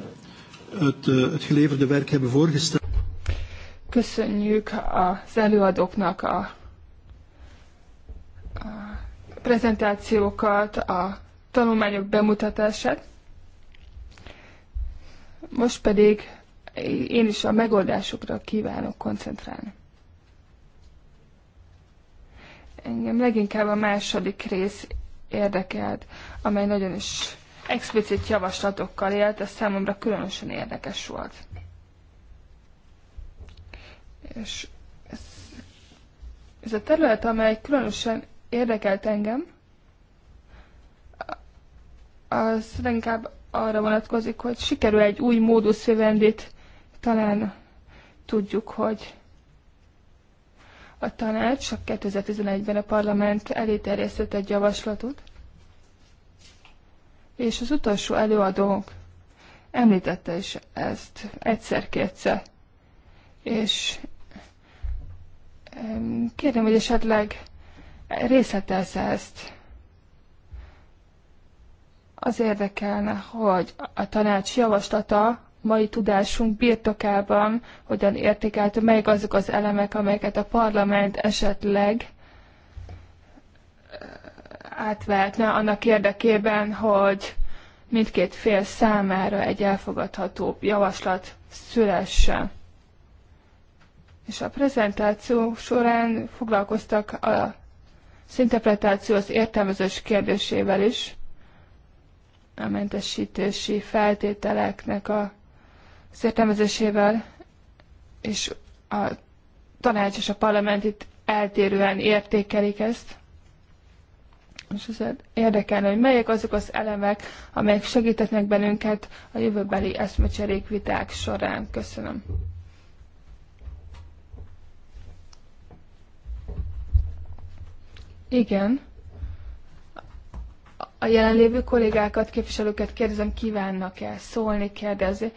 eh, köszönjük az előadóknak a, a prezentációkat, a tanulmányok bemutatását. Most pedig én is a megoldásokra kívánok koncentrálni. Engem leginkább a második rész érdekelt, amely nagyon is explicit javaslatokkal élt, ez számomra különösen érdekes volt. És ez, ez a terület, amely különösen érdekelt engem, az inkább arra vonatkozik, hogy sikerül egy új módusz jövendit talán tudjuk, hogy a tanács 2011-ben a parlament elé terjesztett egy javaslatot, és az utolsó előadónk említette is ezt egyszer-kétszer. És kérdem, hogy esetleg részletezz ezt. Az érdekelne, hogy a tanács javaslata mai tudásunk birtokában hogyan értékelte, meg azok az elemek, amelyeket a parlament esetleg eh, átvehetne annak érdekében, hogy mindkét fél számára egy elfogadható javaslat szülessen. És a prezentáció során foglalkoztak a szinterpretáció az értelmezős kérdésével is, a mentesítési feltételeknek a az értelmezésével, és a tanács és a parlament itt eltérően értékelik ezt. És azért érdekelne, hogy melyek azok az elemek, amelyek segítetnek bennünket a jövőbeli eszmecserék viták során. Köszönöm. Igen. A jelenlévő kollégákat, képviselőket kérdezem, kívánnak-e szólni, kérdezni.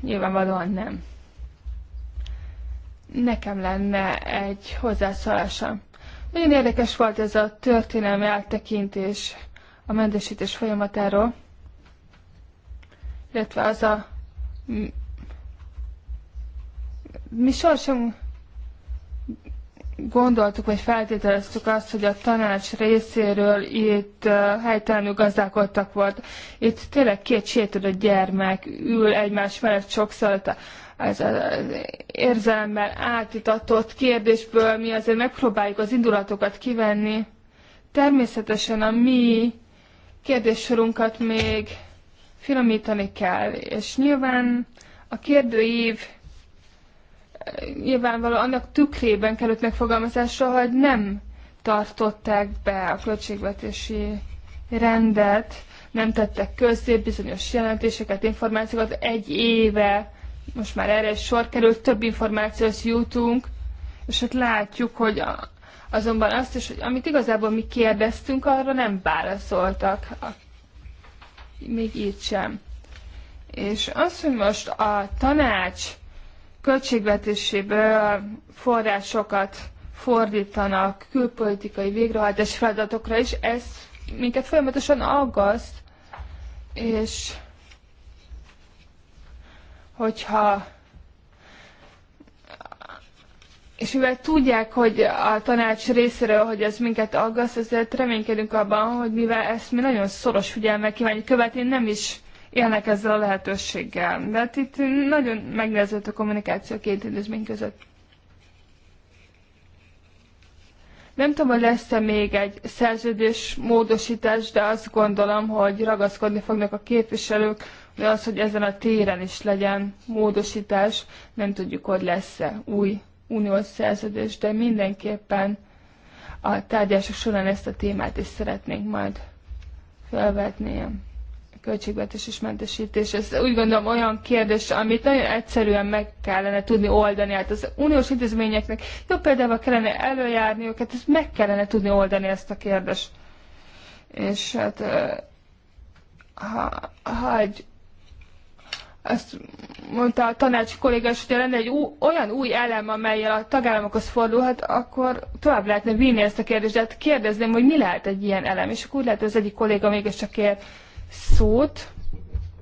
Nyilvánvalóan nem. Nekem lenne egy hozzászólásom. Nagyon érdekes volt ez a történelmi áttekintés a mentesítés folyamatáról, illetve az a mi sorsunk gondoltuk, vagy feltételeztük azt, hogy a tanács részéről itt helytelenül gazdálkodtak volt. Itt tényleg két sétődött gyermek ül egymás mellett sokszor az, hát, az érzelemmel átitatott kérdésből mi azért megpróbáljuk az indulatokat kivenni. Természetesen a mi kérdéssorunkat még finomítani kell, és nyilván a kérdőív nyilvánvaló annak tükrében került megfogalmazásra, hogy nem tartották be a költségvetési rendet, nem tettek közzé bizonyos jelentéseket, információkat egy éve, most már erre is sor került, több információhoz jutunk, és ott hát látjuk, hogy a, azonban azt is, hogy amit igazából mi kérdeztünk, arra nem válaszoltak, a, még így sem. És az, hogy most a tanács költségvetéséből forrásokat fordítanak külpolitikai végrehajtás feladatokra is, ez minket folyamatosan aggaszt, és hogyha és mivel tudják, hogy a tanács részéről, hogy ez minket aggaszt, ezért reménykedünk abban, hogy mivel ezt mi nagyon szoros figyelemmel kívánjuk követni, nem is élnek ezzel a lehetőséggel. De hát itt nagyon megnehezült a kommunikáció két intézmény között. Nem tudom, hogy lesz-e még egy szerződés módosítás, de azt gondolom, hogy ragaszkodni fognak a képviselők, de az, hogy ezen a téren is legyen módosítás, nem tudjuk, hogy lesz-e új uniós szerződés, de mindenképpen a tárgyások során ezt a témát is szeretnénk majd felvetni és mentesítés, ez úgy gondolom olyan kérdés, amit nagyon egyszerűen meg kellene tudni oldani. Hát az uniós intézményeknek jó példával kellene előjárni őket, ezt meg kellene tudni oldani ezt a kérdést. És hát ha, ha egy azt mondta a tanács kollégás, hogy lenne egy új, olyan új elem, amelyel a tagállamokhoz fordulhat, akkor tovább lehetne vinni ezt a kérdést. De hát kérdezném, hogy mi lehet egy ilyen elem. És akkor úgy lehet, hogy az egyik kolléga mégiscsak kér, szót.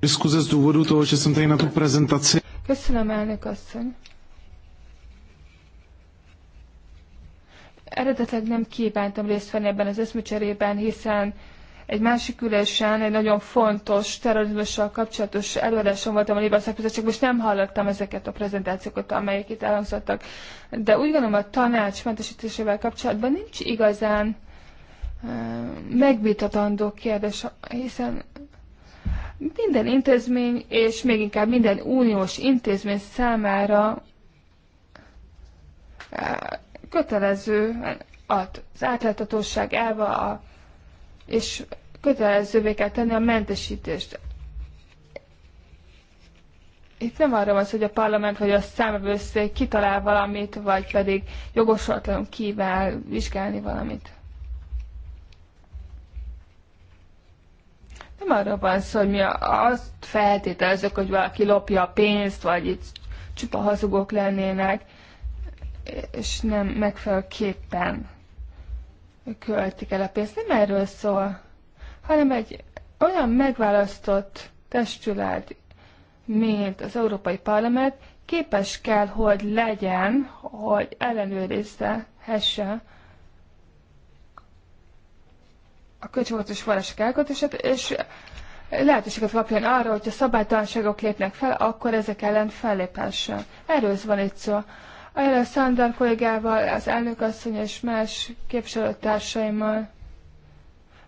Diskuze z důvodu toho, že jsem tady na tu prezentaci. Köszönöm, elnök asszony. Eredetileg nem kívántam részt venni ebben az eszmecserében, hiszen egy másik ülésen egy nagyon fontos terrorizmussal kapcsolatos előadáson voltam a Liban csak most nem hallottam ezeket a prezentációkat, amelyek itt elhangzottak. De úgy gondolom a tanács mentesítésével kapcsolatban nincs igazán eh, megvitatandó kérdés, hiszen minden intézmény, és még inkább minden uniós intézmény számára eh, kötelező az átláthatóság elve, a, és kötelezővé kell tenni a mentesítést. Itt nem arra van szó, hogy a parlament vagy a számvevőszék kitalál valamit, vagy pedig jogosultan kíván vizsgálni valamit. Nem arról van szó, hogy mi azt feltételezzük, hogy valaki lopja a pénzt, vagy itt csupa hazugok lennének, és nem megfelelőképpen költik el a pénzt. Nem erről szól, hanem egy olyan megválasztott testület, mint az Európai Parlament, képes kell, hogy legyen, hogy ellenőrizze, hesse a költségvetés források elköltését, és lehetőséget kapjon arra, hogy a szabálytalanságok lépnek fel, akkor ezek ellen felléphessen. Erről van itt szó. A Szándor kollégával, az elnökasszony és más képviselőtársaimmal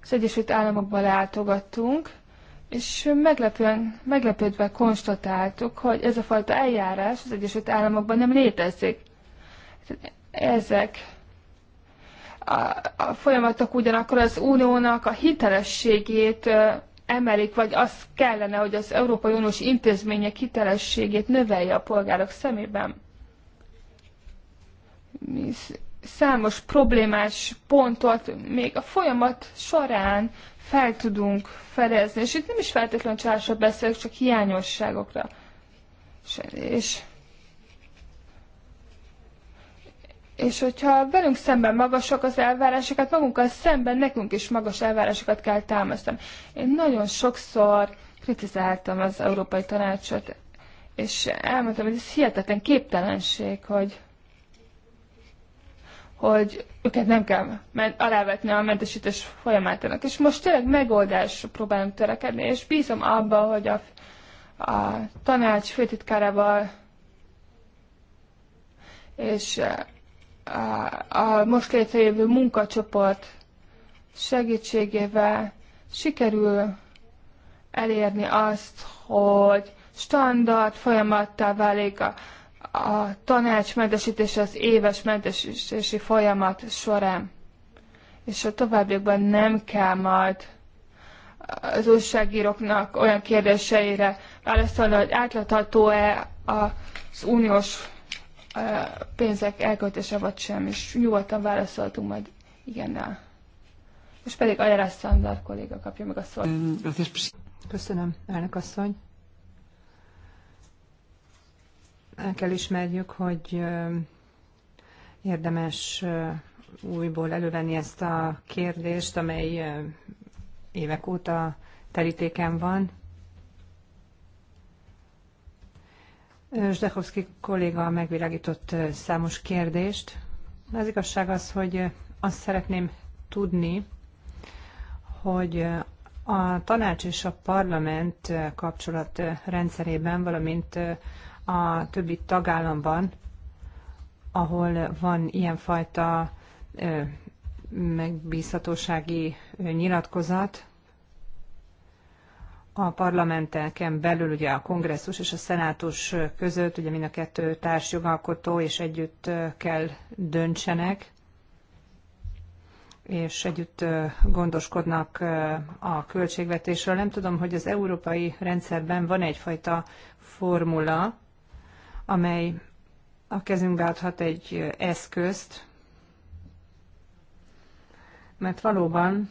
az Egyesült Államokba látogattunk, és meglepően, meglepődve konstatáltuk, hogy ez a fajta eljárás az Egyesült Államokban nem létezik. Ezek a, a folyamatok ugyanakkor az uniónak a hitelességét emelik, vagy az kellene, hogy az Európai Uniós intézmények hitelességét növelje a polgárok szemében. Számos problémás pontot még a folyamat során fel tudunk fedezni, és itt nem is feltétlenül csalásra beszélek, csak hiányosságokra. És, és És hogyha velünk szemben magasak az elvárásokat, magunkkal szemben nekünk is magas elvárásokat kell támasztani. Én nagyon sokszor kritizáltam az Európai Tanácsot, és elmondtam, hogy ez hihetetlen képtelenség, hogy, hogy őket nem kell alávetni a mentesítés folyamátának. És most tényleg megoldásra próbálunk törekedni, és bízom abba, hogy a, a tanács főtitkárával és a most létrejövő munkacsoport segítségével sikerül elérni azt, hogy standard folyamattá válik a, a tanács az éves mentesítési folyamat során. És a továbbiakban nem kell majd az újságíróknak olyan kérdéseire válaszolni, hogy átlatható e az uniós pénzek elköltése vagy sem, és nyugodtan válaszoltunk majd igennel. És pedig Ajrás Szandár kolléga kapja meg a szót. Köszönöm, elnök asszony. El kell ismerjük, hogy érdemes újból elővenni ezt a kérdést, amely évek óta terítéken van, Zsdechovszki kolléga megvilágított számos kérdést. Az igazság az, hogy azt szeretném tudni, hogy a tanács és a parlament kapcsolat rendszerében, valamint a többi tagállamban, ahol van ilyenfajta megbízhatósági nyilatkozat, a parlamenteken belül, ugye a kongresszus és a szenátus között, ugye mind a kettő társjogalkotó, és együtt kell döntsenek, és együtt gondoskodnak a költségvetésről. Nem tudom, hogy az európai rendszerben van egyfajta formula, amely a kezünkbe adhat egy eszközt, mert valóban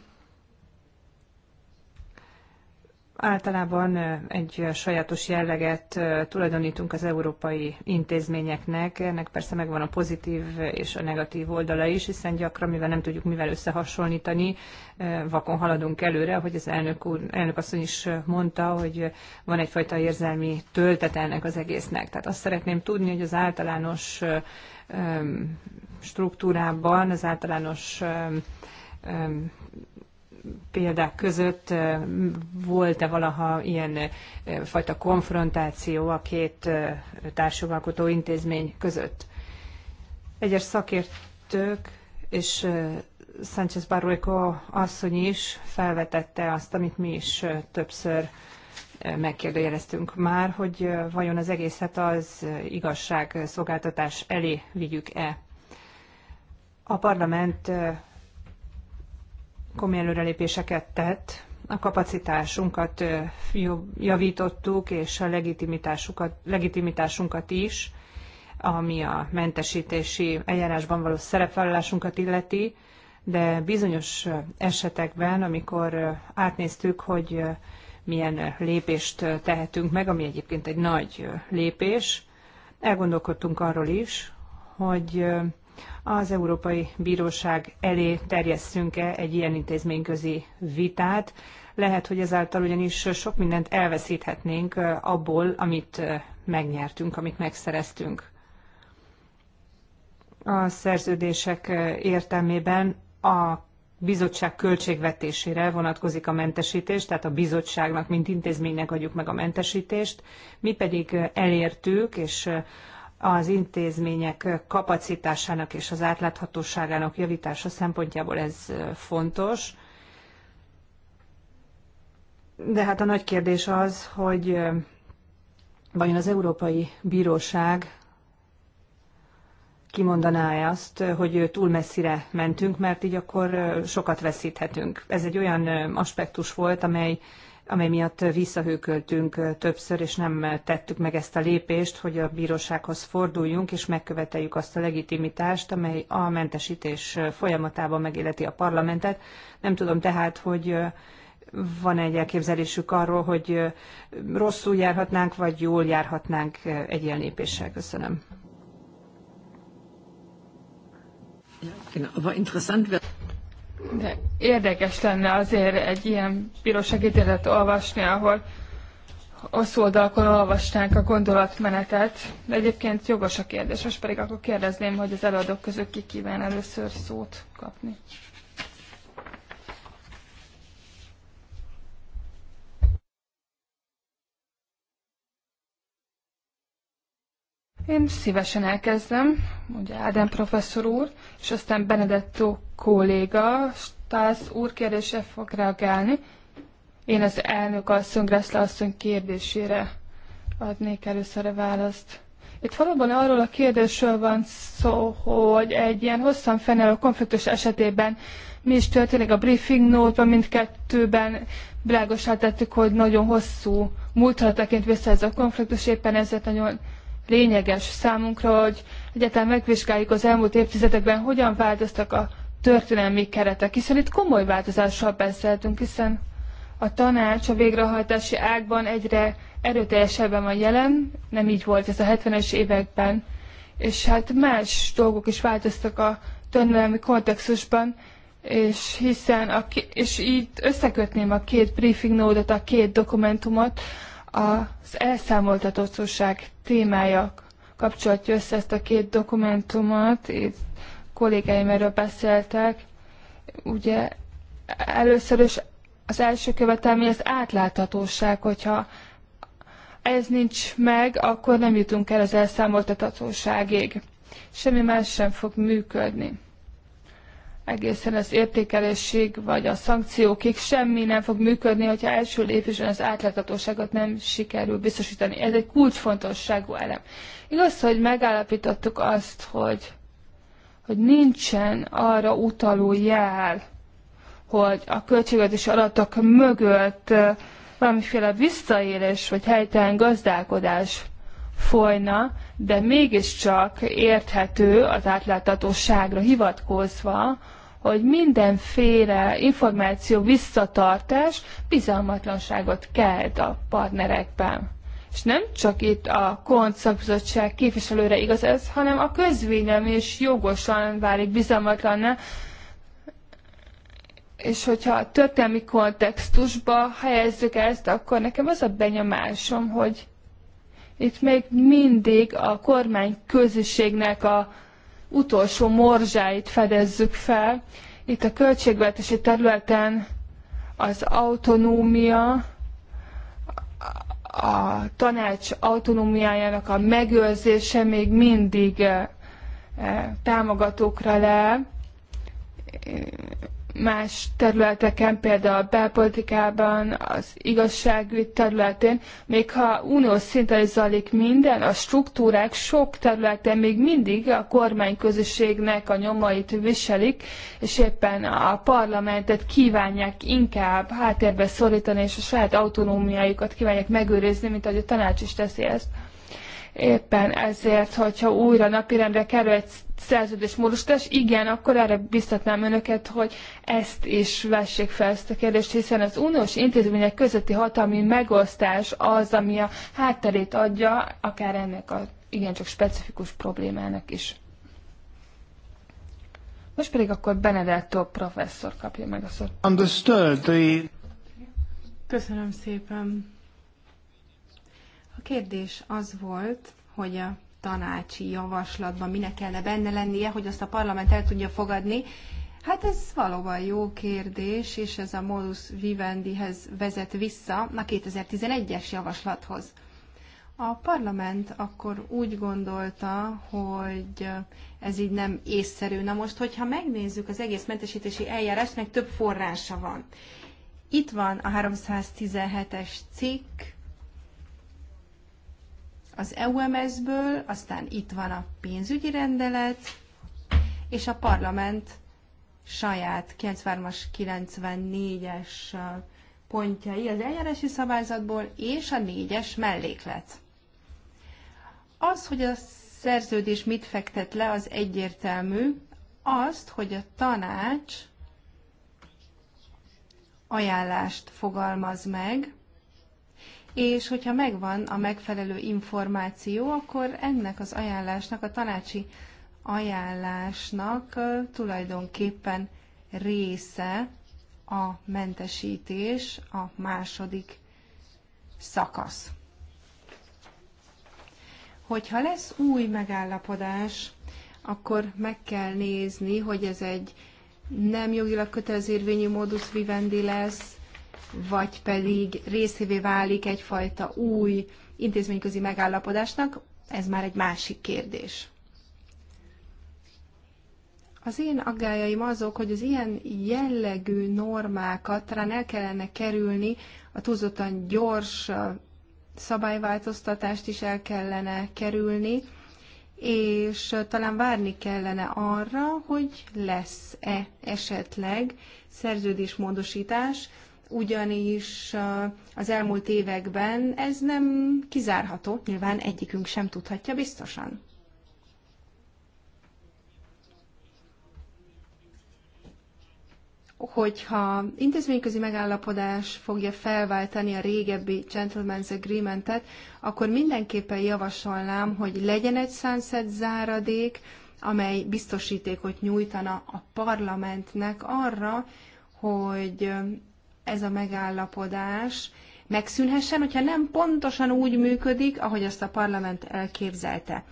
Általában egy sajátos jelleget tulajdonítunk az európai intézményeknek, ennek persze megvan a pozitív és a negatív oldala is, hiszen gyakran, mivel nem tudjuk mivel összehasonlítani, vakon haladunk előre, hogy az elnök, úr, elnök asszony is mondta, hogy van egyfajta érzelmi töltet ennek az egésznek. Tehát azt szeretném tudni, hogy az általános struktúrában, az általános példák között volt-e valaha ilyen fajta konfrontáció a két társadalmi intézmény között? Egyes szakértők és Sánchez Barroico asszony is felvetette azt, amit mi is többször megkérdőjeleztünk már, hogy vajon az egészet az igazságszolgáltatás elé vigyük-e. A parlament komoly előrelépéseket tett. A kapacitásunkat javítottuk, és a legitimitásunkat legitimitásunkat is, ami a mentesítési eljárásban való szerepvállalásunkat illeti, de bizonyos esetekben, amikor átnéztük, hogy milyen lépést tehetünk meg, ami egyébként egy nagy lépés, elgondolkodtunk arról is, hogy az Európai Bíróság elé terjesszünk-e egy ilyen intézményközi vitát. Lehet, hogy ezáltal ugyanis sok mindent elveszíthetnénk abból, amit megnyertünk, amit megszereztünk. A szerződések értelmében a bizottság költségvetésére vonatkozik a mentesítés, tehát a bizottságnak, mint intézménynek adjuk meg a mentesítést. Mi pedig elértük, és az intézmények kapacitásának és az átláthatóságának javítása szempontjából ez fontos. De hát a nagy kérdés az, hogy vajon az Európai Bíróság kimondaná-e azt, hogy túl messzire mentünk, mert így akkor sokat veszíthetünk. Ez egy olyan aspektus volt, amely amely miatt visszahőköltünk többször, és nem tettük meg ezt a lépést, hogy a bírósághoz forduljunk, és megköveteljük azt a legitimitást, amely a mentesítés folyamatában megéleti a parlamentet. Nem tudom tehát, hogy van egy elképzelésük arról, hogy rosszul járhatnánk, vagy jól járhatnánk egy ilyen lépéssel. Köszönöm. De érdekes lenne azért egy ilyen bíróságítéletet olvasni, ahol hosszú oldalakon olvasnánk a gondolatmenetet, de egyébként jogos a kérdés, most pedig akkor kérdezném, hogy az előadók közül ki kíván először szót kapni. Én szívesen elkezdem, mondja, Ádám professzor úr, és aztán Benedetto kolléga, Stász úr kérdése fog reagálni. Én az elnök asszony, Greszle asszony kérdésére adnék először a választ. Itt valóban arról a kérdésről van szó, hogy egy ilyen hosszan fennálló konfliktus esetében mi is történik a briefing note-ban, mindkettőben világosá tettük, hogy nagyon hosszú múltra tekint vissza ez a konfliktus, éppen ezért nagyon lényeges számunkra, hogy egyáltalán megvizsgáljuk az elmúlt évtizedekben, hogyan változtak a történelmi keretek, hiszen itt komoly változással beszéltünk, hiszen a tanács a végrehajtási ágban egyre erőteljesebben van jelen, nem így volt ez a 70-es években, és hát más dolgok is változtak a történelmi kontextusban, és hiszen, a, és így összekötném a két briefing nódot, a két dokumentumot, az elszámoltatottság témája kapcsolatja össze ezt a két dokumentumot, itt kollégáim erről beszéltek. Ugye először is az első követelmény az átláthatóság, hogyha ez nincs meg, akkor nem jutunk el az elszámoltatottságig. Semmi más sem fog működni egészen az értékelésig, vagy a szankciókig semmi nem fog működni, hogyha első lépésben az átláthatóságot nem sikerül biztosítani. Ez egy kulcsfontosságú elem. Igaz, hogy megállapítottuk azt, hogy, hogy nincsen arra utaló jel, hogy a költségvetési adatok mögött valamiféle visszaélés vagy helytelen gazdálkodás folyna, de mégiscsak érthető az átláthatóságra hivatkozva, hogy mindenféle információ visszatartás bizalmatlanságot kelt a partnerekben. És nem csak itt a KONT szakbizottság képviselőre igaz ez, hanem a közvélemény is jogosan válik bizalmatlanná, és hogyha a történelmi kontextusba helyezzük ezt, akkor nekem az a benyomásom, hogy itt még mindig a kormány közösségnek a utolsó morzsáit fedezzük fel. Itt a költségvetési területen az autonómia, a tanács autonómiájának a megőrzése még mindig eh, eh, támogatókra le más területeken, például a belpolitikában, az igazságügy területén, még ha uniós szinten is zajlik minden, a struktúrák sok területen még mindig a kormányközösségnek a nyomait viselik, és éppen a parlamentet kívánják inkább háttérbe szorítani, és a saját autonómiájukat kívánják megőrizni, mint ahogy a tanács is teszi ezt. Éppen ezért, hogyha újra napirendre kerül egy szerződés módosítás, igen, akkor erre biztatnám önöket, hogy ezt is vessék fel ezt a kérdést, hiszen az uniós intézmények közötti hatalmi megosztás az, ami a hátterét adja, akár ennek a igencsak specifikus problémának is. Most pedig akkor Benedetto professzor kapja meg a szót. Understood. The... Köszönöm szépen kérdés az volt, hogy a tanácsi javaslatban minek kellene benne lennie, hogy azt a parlament el tudja fogadni. Hát ez valóban jó kérdés, és ez a modus vivendihez vezet vissza a 2011-es javaslathoz. A parlament akkor úgy gondolta, hogy ez így nem észszerű. Na most, hogyha megnézzük az egész mentesítési eljárásnak több forrása van. Itt van a 317-es cikk, az EUMS-ből, aztán itt van a pénzügyi rendelet, és a parlament saját 93-as, 94-es pontjai az eljárási szabályzatból és a négyes melléklet. Az, hogy a szerződés mit fektet le, az egyértelmű. Azt, hogy a tanács ajánlást fogalmaz meg, és hogyha megvan a megfelelő információ, akkor ennek az ajánlásnak, a tanácsi ajánlásnak tulajdonképpen része a mentesítés, a második szakasz. Hogyha lesz új megállapodás, akkor meg kell nézni, hogy ez egy nem jogilag kötelező érvényű modus vivendi lesz, vagy pedig részévé válik egyfajta új intézményközi megállapodásnak, ez már egy másik kérdés. Az én aggájaim azok, hogy az ilyen jellegű normákat talán el kellene kerülni, a túlzottan gyors szabályváltoztatást is el kellene kerülni, és talán várni kellene arra, hogy lesz-e esetleg szerződésmódosítás, ugyanis az elmúlt években ez nem kizárható, nyilván egyikünk sem tudhatja biztosan. hogyha intézményközi megállapodás fogja felváltani a régebbi Gentleman's Agreement-et, akkor mindenképpen javasolnám, hogy legyen egy sunset záradék, amely biztosítékot nyújtana a parlamentnek arra, hogy ez a megállapodás megszűnhessen, hogyha nem pontosan úgy működik, ahogy azt a parlament elképzelte.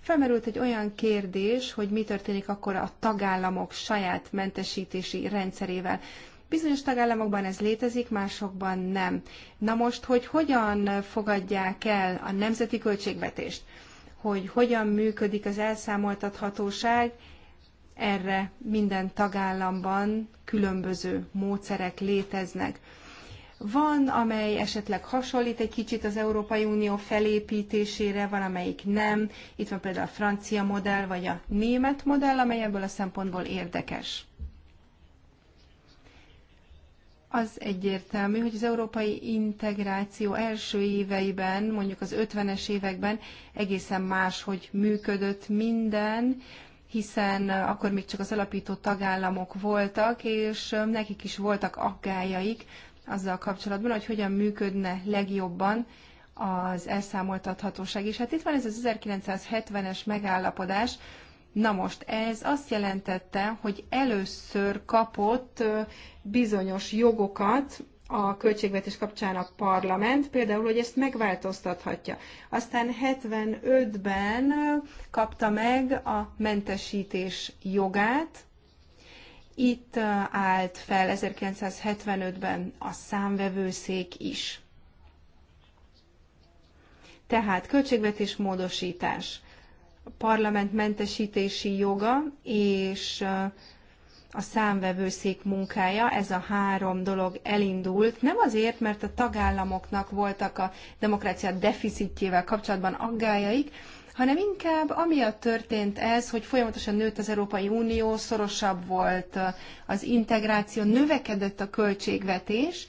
Felmerült egy olyan kérdés, hogy mi történik akkor a tagállamok saját mentesítési rendszerével. Bizonyos tagállamokban ez létezik, másokban nem. Na most, hogy hogyan fogadják el a nemzeti költségvetést, hogy hogyan működik az elszámoltathatóság, erre minden tagállamban különböző módszerek léteznek. Van, amely esetleg hasonlít egy kicsit az Európai Unió felépítésére, van, amelyik nem. Itt van például a francia modell, vagy a német modell, amely ebből a szempontból érdekes. Az egyértelmű, hogy az európai integráció első éveiben, mondjuk az 50-es években egészen máshogy működött minden, hiszen eh, akkor még csak az alapító tagállamok voltak, és eh, nekik is voltak aggájaik azzal kapcsolatban, hogy hogyan működne legjobban az elszámoltathatóság. És hát itt van ez az 1970-es megállapodás, Na most ez azt jelentette, hogy először kapott eh, bizonyos jogokat a költségvetés kapcsán a parlament, például, hogy ezt megváltoztathatja. Aztán 75-ben kapta meg a mentesítés jogát, itt állt fel 1975-ben a számvevőszék is. Tehát költségvetés módosítás, parlament mentesítési joga és a számvevőszék munkája, ez a három dolog elindult, nem azért, mert a tagállamoknak voltak a demokrácia deficitjével kapcsolatban aggájaik, hanem inkább amiatt történt ez, hogy folyamatosan nőtt az Európai Unió, szorosabb volt az integráció, növekedett a költségvetés,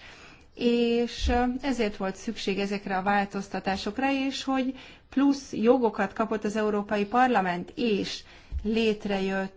és ezért volt szükség ezekre a változtatásokra, és hogy plusz jogokat kapott az Európai Parlament, és létrejött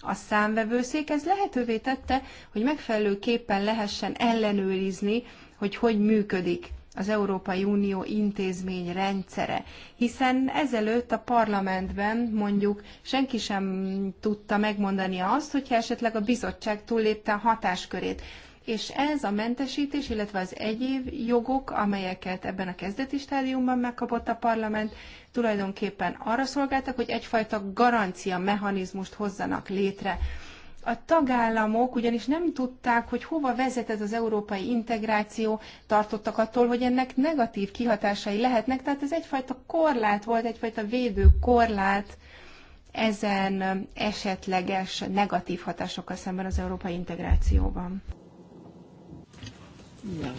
a számvevőszék, ez lehetővé tette, hogy megfelelőképpen lehessen ellenőrizni, hogy hogy működik az Európai Unió intézmény rendszere. Hiszen ezelőtt a parlamentben mondjuk senki sem tudta megmondani azt, hogyha esetleg a bizottság túllépte a hatáskörét és ez a mentesítés, illetve az egyéb jogok, amelyeket ebben a kezdeti stádiumban megkapott a parlament, tulajdonképpen arra szolgáltak, hogy egyfajta garancia mechanizmust hozzanak létre. A tagállamok ugyanis nem tudták, hogy hova vezet ez az európai integráció, tartottak attól, hogy ennek negatív kihatásai lehetnek, tehát ez egyfajta korlát volt, egyfajta védő korlát ezen esetleges negatív hatásokkal szemben az európai integrációban. Ja.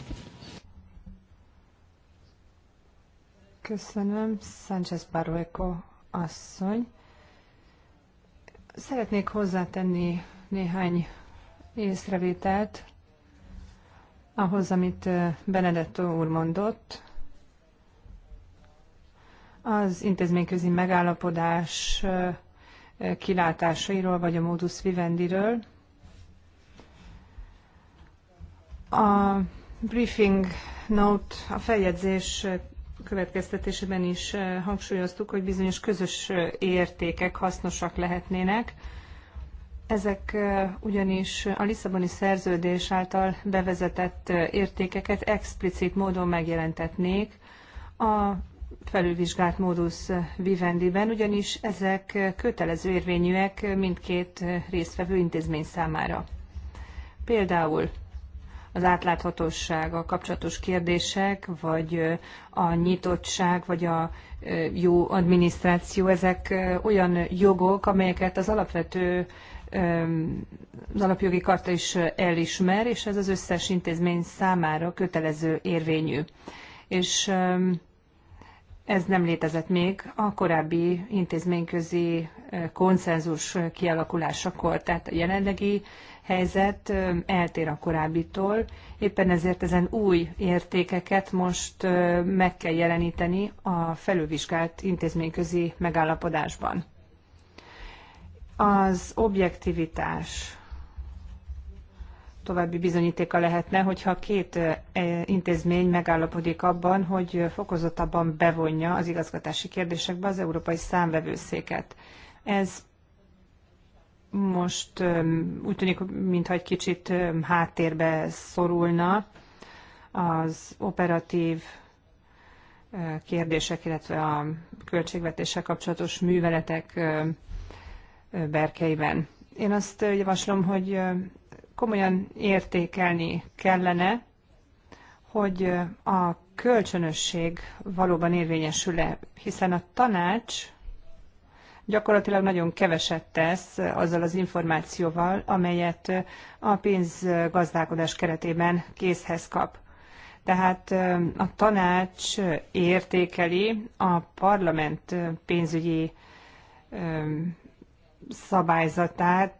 Köszönöm, Sánchez Barueco asszony. Szeretnék hozzátenni néhány észrevételt ahhoz, amit Benedetto úr mondott. Az intézményközi megállapodás kilátásairól, vagy a modus vivendiről. A briefing note, a feljegyzés következtetésében is eh, hangsúlyoztuk, hogy bizonyos közös eh, értékek hasznosak lehetnének. Ezek eh, ugyanis a Lisszaboni szerződés által bevezetett értékeket explicit módon megjelentetnék a felülvizsgált módusz vivendiben, ugyanis ezek kötelező érvényűek mindkét résztvevő intézmény számára. Például az átláthatóság, a kapcsolatos kérdések, vagy a nyitottság, vagy a jó adminisztráció, ezek olyan jogok, amelyeket az alapvető az alapjogi karta is elismer, és ez az összes intézmény számára kötelező érvényű. És ez nem létezett még a korábbi intézményközi konszenzus kialakulásakor, tehát a jelenlegi helyzet eltér a korábbitól, éppen ezért ezen új értékeket most meg kell jeleníteni a felülvizsgált intézményközi megállapodásban. Az objektivitás további bizonyítéka lehetne, hogyha két e, intézmény megállapodik abban, hogy fokozottabban bevonja az igazgatási kérdésekbe az Európai Számvevőszéket. Ez most úgy tűnik, mintha egy kicsit háttérbe szorulna az operatív kérdések, illetve a költségvetéssel kapcsolatos műveletek berkeiben. Én azt javaslom, hogy komolyan értékelni kellene, hogy a kölcsönösség valóban érvényesül-e, hiszen a tanács gyakorlatilag nagyon keveset tesz azzal az információval, amelyet a pénzgazdálkodás keretében készhez kap. Tehát a tanács értékeli a parlament pénzügyi szabályzatát,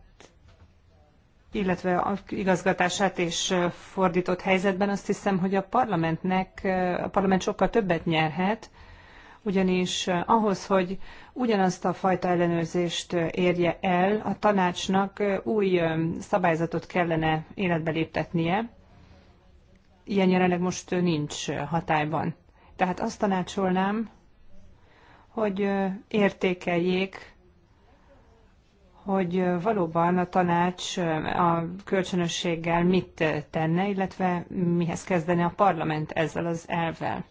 illetve a igazgatását és fordított helyzetben azt hiszem, hogy a parlamentnek, a parlament sokkal többet nyerhet, ugyanis eh, ahhoz, hogy ugyanazt a fajta ellenőrzést eh, érje el, a tanácsnak eh, új szabályzatot kellene életbe léptetnie. Ilyen jelenleg most nincs hatályban. Tehát azt tanácsolnám, hogy értékeljék, hogy valóban a tanács a kölcsönösséggel mit tenne, illetve mihez kezdene a parlament ezzel az elvel.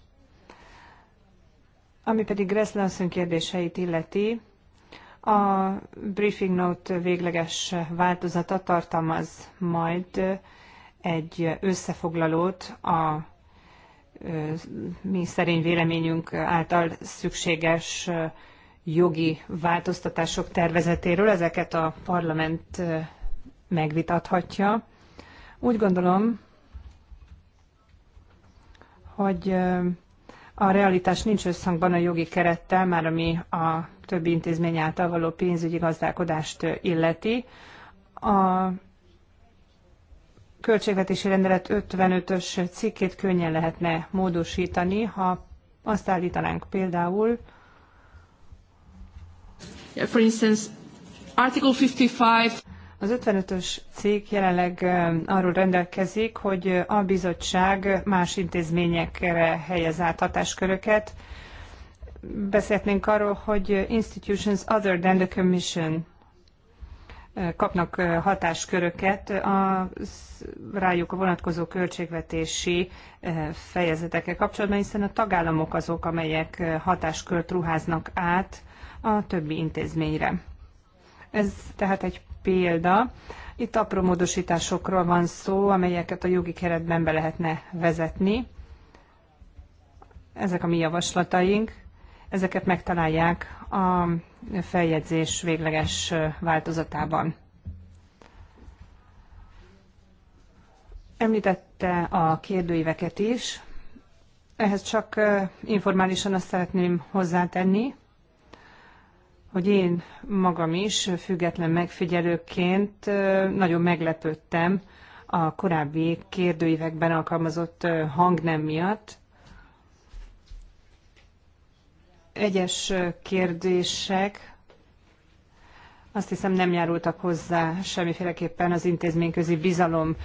Ami pedig Gresslanszön kérdéseit illeti, a briefing note végleges változata tartalmaz majd egy összefoglalót a mi szerény véleményünk által szükséges jogi változtatások tervezetéről. Ezeket a parlament megvitathatja. Úgy gondolom, hogy a realitás nincs összhangban a jogi kerettel, már ami a többi intézmény által való pénzügyi gazdálkodást illeti. A költségvetési rendelet 55-ös cikkét könnyen lehetne módosítani, ha azt állítanánk például, For instance, Article 55. Az 55-ös cég jelenleg arról rendelkezik, hogy a bizottság más intézményekre helyez át hatásköröket. Beszélhetnénk arról, hogy institutions other than the commission kapnak hatásköröket a rájuk a vonatkozó költségvetési fejezetekkel kapcsolatban, hiszen a tagállamok azok, amelyek hatáskört ruháznak át a többi intézményre. Ez tehát egy példa. Itt apró módosításokról van szó, amelyeket a jogi keretben be lehetne vezetni. Ezek a mi javaslataink. Ezeket megtalálják a feljegyzés végleges változatában. Említette a kérdőíveket is. Ehhez csak informálisan azt szeretném hozzátenni, hogy én magam is független megfigyelőként nagyon meglepődtem a korábbi kérdőívekben alkalmazott hangnem miatt. Egyes kérdések azt hiszem nem járultak hozzá semmiféleképpen az intézményközi bizalom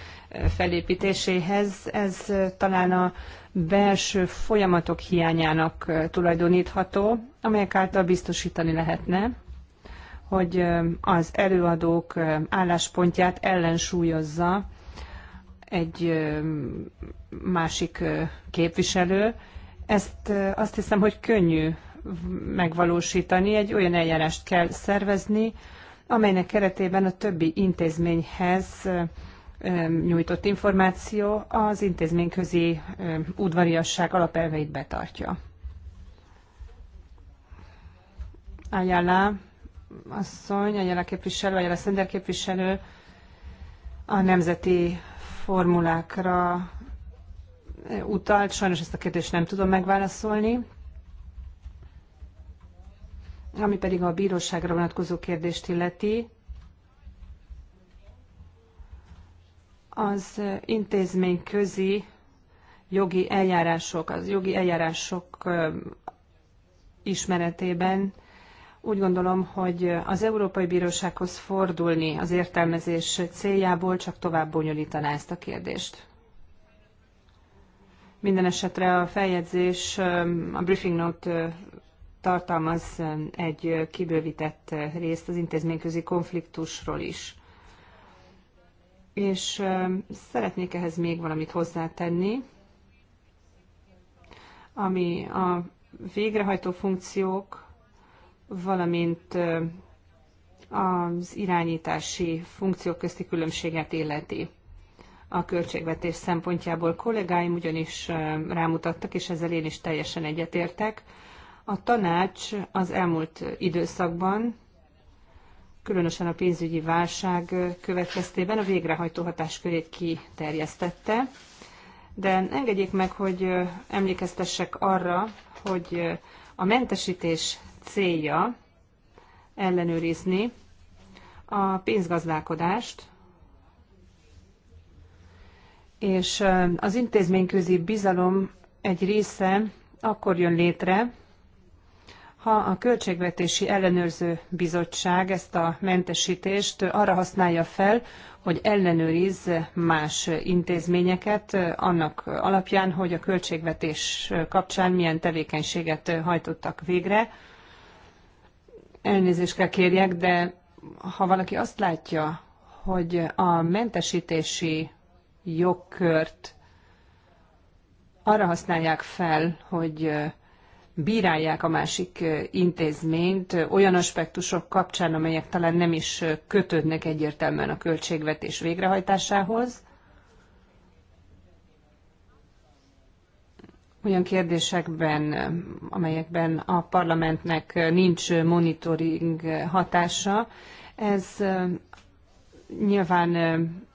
felépítéséhez. Ez talán a belső folyamatok hiányának tulajdonítható, amelyek által biztosítani lehetne, hogy az előadók álláspontját ellensúlyozza egy másik képviselő. Ezt azt hiszem, hogy könnyű megvalósítani, egy olyan eljárást kell szervezni, amelynek keretében a többi intézményhez nyújtott információ az intézményközi udvariasság alapelveit betartja. Ajala asszony, Ajala képviselő, Ajala Szender képviselő a nemzeti formulákra utalt. Sajnos ezt a kérdést nem tudom megválaszolni. Ami pedig a bíróságra vonatkozó kérdést illeti, az intézmény közi jogi eljárások, az jogi eljárások ismeretében úgy gondolom, hogy az Európai Bírósághoz fordulni az értelmezés céljából csak tovább bonyolítaná ezt a kérdést. Minden esetre a feljegyzés, a briefing note tartalmaz um, egy kibővített részt az intézményközi konfliktusról is. És um, szeretnék ehhez még valamit hozzátenni, ami a végrehajtó funkciók, valamint az irányítási funkciók közti különbséget illeti a költségvetés szempontjából. Kollégáim ugyanis rámutattak, és ezzel én is teljesen egyetértek, a tanács az elmúlt időszakban, különösen a pénzügyi válság következtében a végrehajtó hatáskörét kiterjesztette, de engedjék meg, hogy emlékeztessek arra, hogy a mentesítés célja ellenőrizni a pénzgazdálkodást, és az intézményközi bizalom egy része akkor jön létre, ha a Költségvetési Ellenőrző Bizottság ezt a mentesítést arra használja fel, hogy ellenőriz más intézményeket annak alapján, hogy a költségvetés kapcsán milyen tevékenységet hajtottak végre. Elnézést kell kérjek, de ha valaki azt látja, hogy a mentesítési jogkört arra használják fel, hogy bírálják a másik intézményt olyan aspektusok kapcsán, amelyek talán nem is kötődnek egyértelműen a költségvetés végrehajtásához. olyan kérdésekben, amelyekben a parlamentnek nincs monitoring hatása, ez nyilván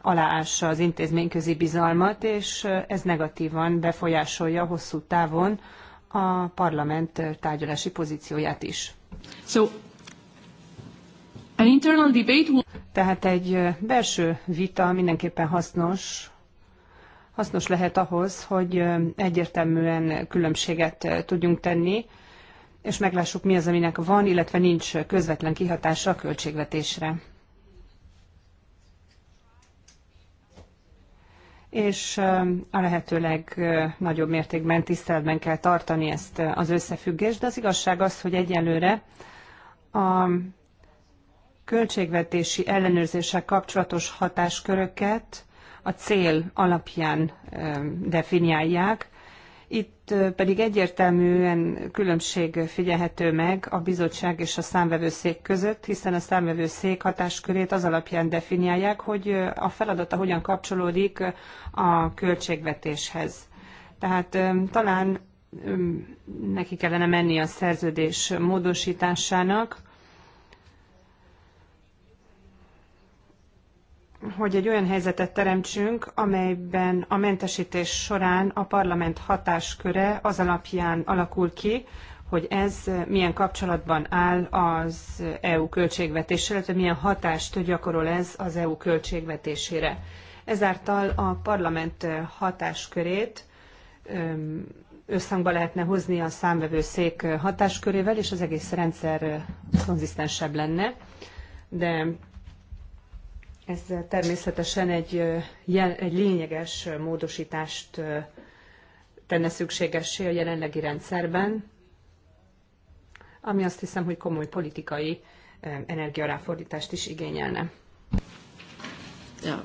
aláássa az intézményközi bizalmat, és ez negatívan befolyásolja hosszú távon a parlament tárgyalási pozícióját is. So, an internal debate... Tehát egy belső vita mindenképpen hasznos, hasznos lehet ahhoz, hogy egyértelműen különbséget tudjunk tenni, és meglássuk mi az, aminek van, illetve nincs közvetlen kihatása a költségvetésre. és um, a lehető legnagyobb mértékben tiszteletben kell tartani ezt uh, az összefüggést, de az igazság az, hogy egyelőre a költségvetési ellenőrzéssel kapcsolatos hatásköröket a cél alapján um, definiálják, pedig egyértelműen különbség figyelhető meg a bizottság és a számvevőszék között, hiszen a számvevőszék hatáskörét az alapján definiálják, hogy a feladata hogyan kapcsolódik a költségvetéshez. Tehát talán neki kellene menni a szerződés módosításának, hogy egy olyan helyzetet teremtsünk, amelyben a mentesítés során a parlament hatásköre az alapján alakul ki, hogy ez milyen kapcsolatban áll az EU költségvetéssel, illetve milyen hatást gyakorol ez az EU költségvetésére. Ezáltal a parlament hatáskörét összhangba lehetne hozni a számvevőszék hatáskörével, és az egész rendszer konzisztensebb lenne. De ez természetesen egy, egy lényeges módosítást tenne szükségessé a jelenlegi rendszerben, ami azt hiszem, hogy komoly politikai energiaráfordítást is igényelne. Ja.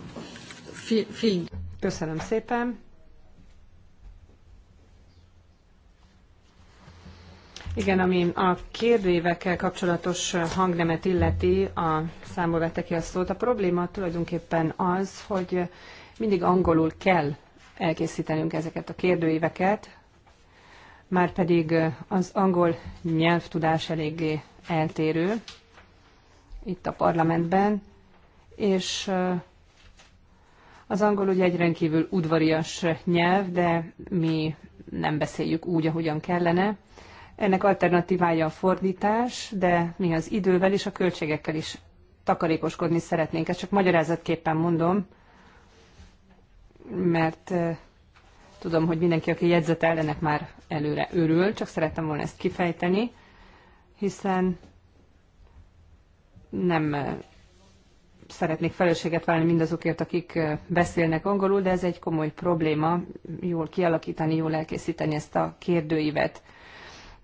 Köszönöm szépen. Igen, ami a kérdévekkel kapcsolatos hangnemet illeti, a számból vette ki a szót. A probléma tulajdonképpen az, hogy mindig angolul kell elkészítenünk ezeket a kérdőíveket, már pedig az angol nyelvtudás eléggé eltérő itt a parlamentben, és az angol ugye egy rendkívül udvarias nyelv, de mi nem beszéljük úgy, ahogyan kellene, ennek alternatívája a fordítás, de mi az idővel és a költségekkel is takarékoskodni szeretnénk. Ezt csak magyarázatképpen mondom, mert tudom, hogy mindenki, aki jegyzet ellenek már előre örül, csak szerettem volna ezt kifejteni, hiszen nem szeretnék felelősséget válni mindazokért, akik beszélnek angolul, de ez egy komoly probléma, jól kialakítani, jól elkészíteni ezt a kérdőívet.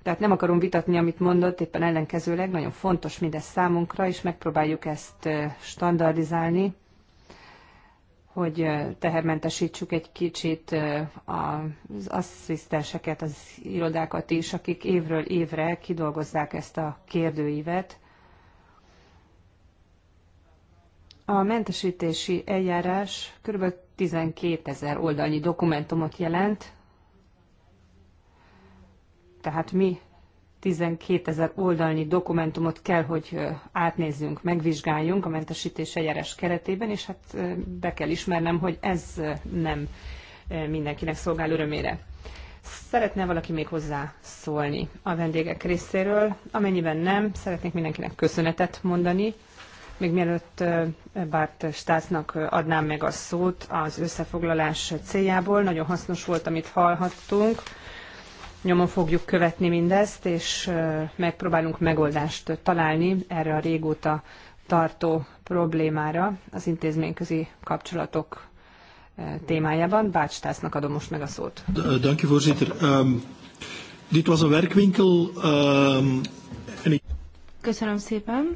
Tehát nem akarom vitatni, amit mondott, éppen ellenkezőleg nagyon fontos mindez számunkra, és megpróbáljuk ezt standardizálni, hogy tehermentesítsük egy kicsit az asszisztenseket, az irodákat is, akik évről évre kidolgozzák ezt a kérdőívet. A mentesítési eljárás kb. 12 ezer oldalnyi dokumentumot jelent, tehát mi 12 ezer oldalnyi dokumentumot kell, hogy átnézzünk, megvizsgáljunk a mentesítés eljárás keretében, és hát be kell ismernem, hogy ez nem mindenkinek szolgál örömére. Szeretne valaki még hozzá szólni a vendégek részéről? Amennyiben nem, szeretnék mindenkinek köszönetet mondani. Még mielőtt Bárt Stásznak adnám meg a szót az összefoglalás céljából, nagyon hasznos volt, amit hallhattunk Nyomon fogjuk követni mindezt, és megpróbálunk megoldást találni erre a régóta tartó problémára az intézményközi kapcsolatok témájában. Bács Tásznak adom most meg a szót. Dank ehm, was werkwinkel. Ehm, Köszönöm szépen.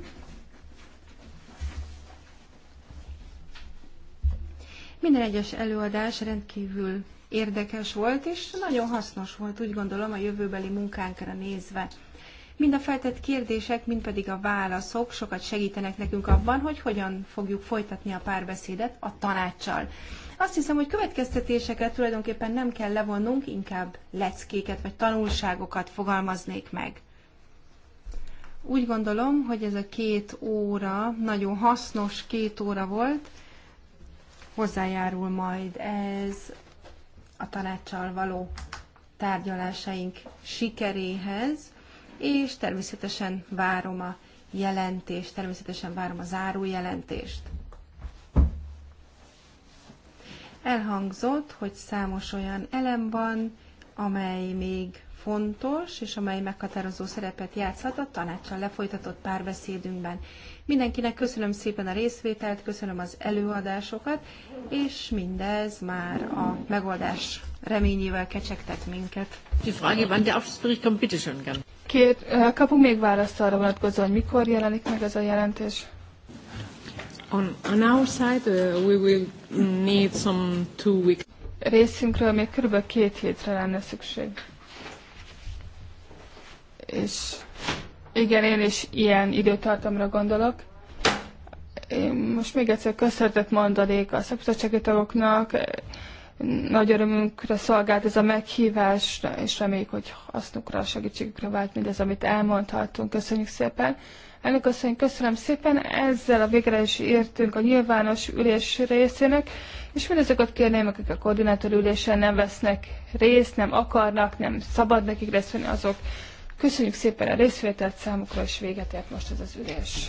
Minden egyes előadás rendkívül érdekes volt, és nagyon hasznos volt, úgy gondolom, a jövőbeli munkánkra nézve. Mind a feltett kérdések, mind pedig a válaszok sokat segítenek nekünk abban, hogy hogyan fogjuk folytatni a párbeszédet a tanácssal. Azt hiszem, hogy következtetéseket tulajdonképpen nem kell levonnunk, inkább leckéket vagy tanulságokat fogalmaznék meg. Úgy gondolom, hogy ez a két óra nagyon hasznos két óra volt, hozzájárul majd ez a tanácssal való tárgyalásaink sikeréhez, és természetesen várom a jelentést, természetesen várom a záró jelentést. Elhangzott, hogy számos olyan elem van, amely még fontos, és amely meghatározó szerepet játszhat a tanácssal lefolytatott párbeszédünkben. Mindenkinek köszönöm szépen a részvételt, köszönöm az előadásokat, és mindez már a megoldás reményével kecsegtet minket. Két, kapunk még választ arra vonatkozóan, hogy mikor jelenik meg ez a jelentés? On, on our side, uh, we will need some two weeks. Részünkről még kb. két hétre lenne szükség. És igen, én is ilyen időtartamra gondolok. Én most még egyszer köszönetet mondanék a szakbizottsági tagoknak. Nagy örömünkre szolgált ez a meghívás, és reméljük, hogy hasznukra, segítségükre vált mindez, amit elmondhattunk. Köszönjük szépen. Elnök asszony, köszönöm szépen. Ezzel a végre is értünk a nyilvános ülés részének, és mindazokat kérném, akik a koordinátor ülésen nem vesznek részt, nem akarnak, nem szabad nekik részt venni, azok Köszönjük szépen a részvételt számukra, és véget ért most ez az ülés.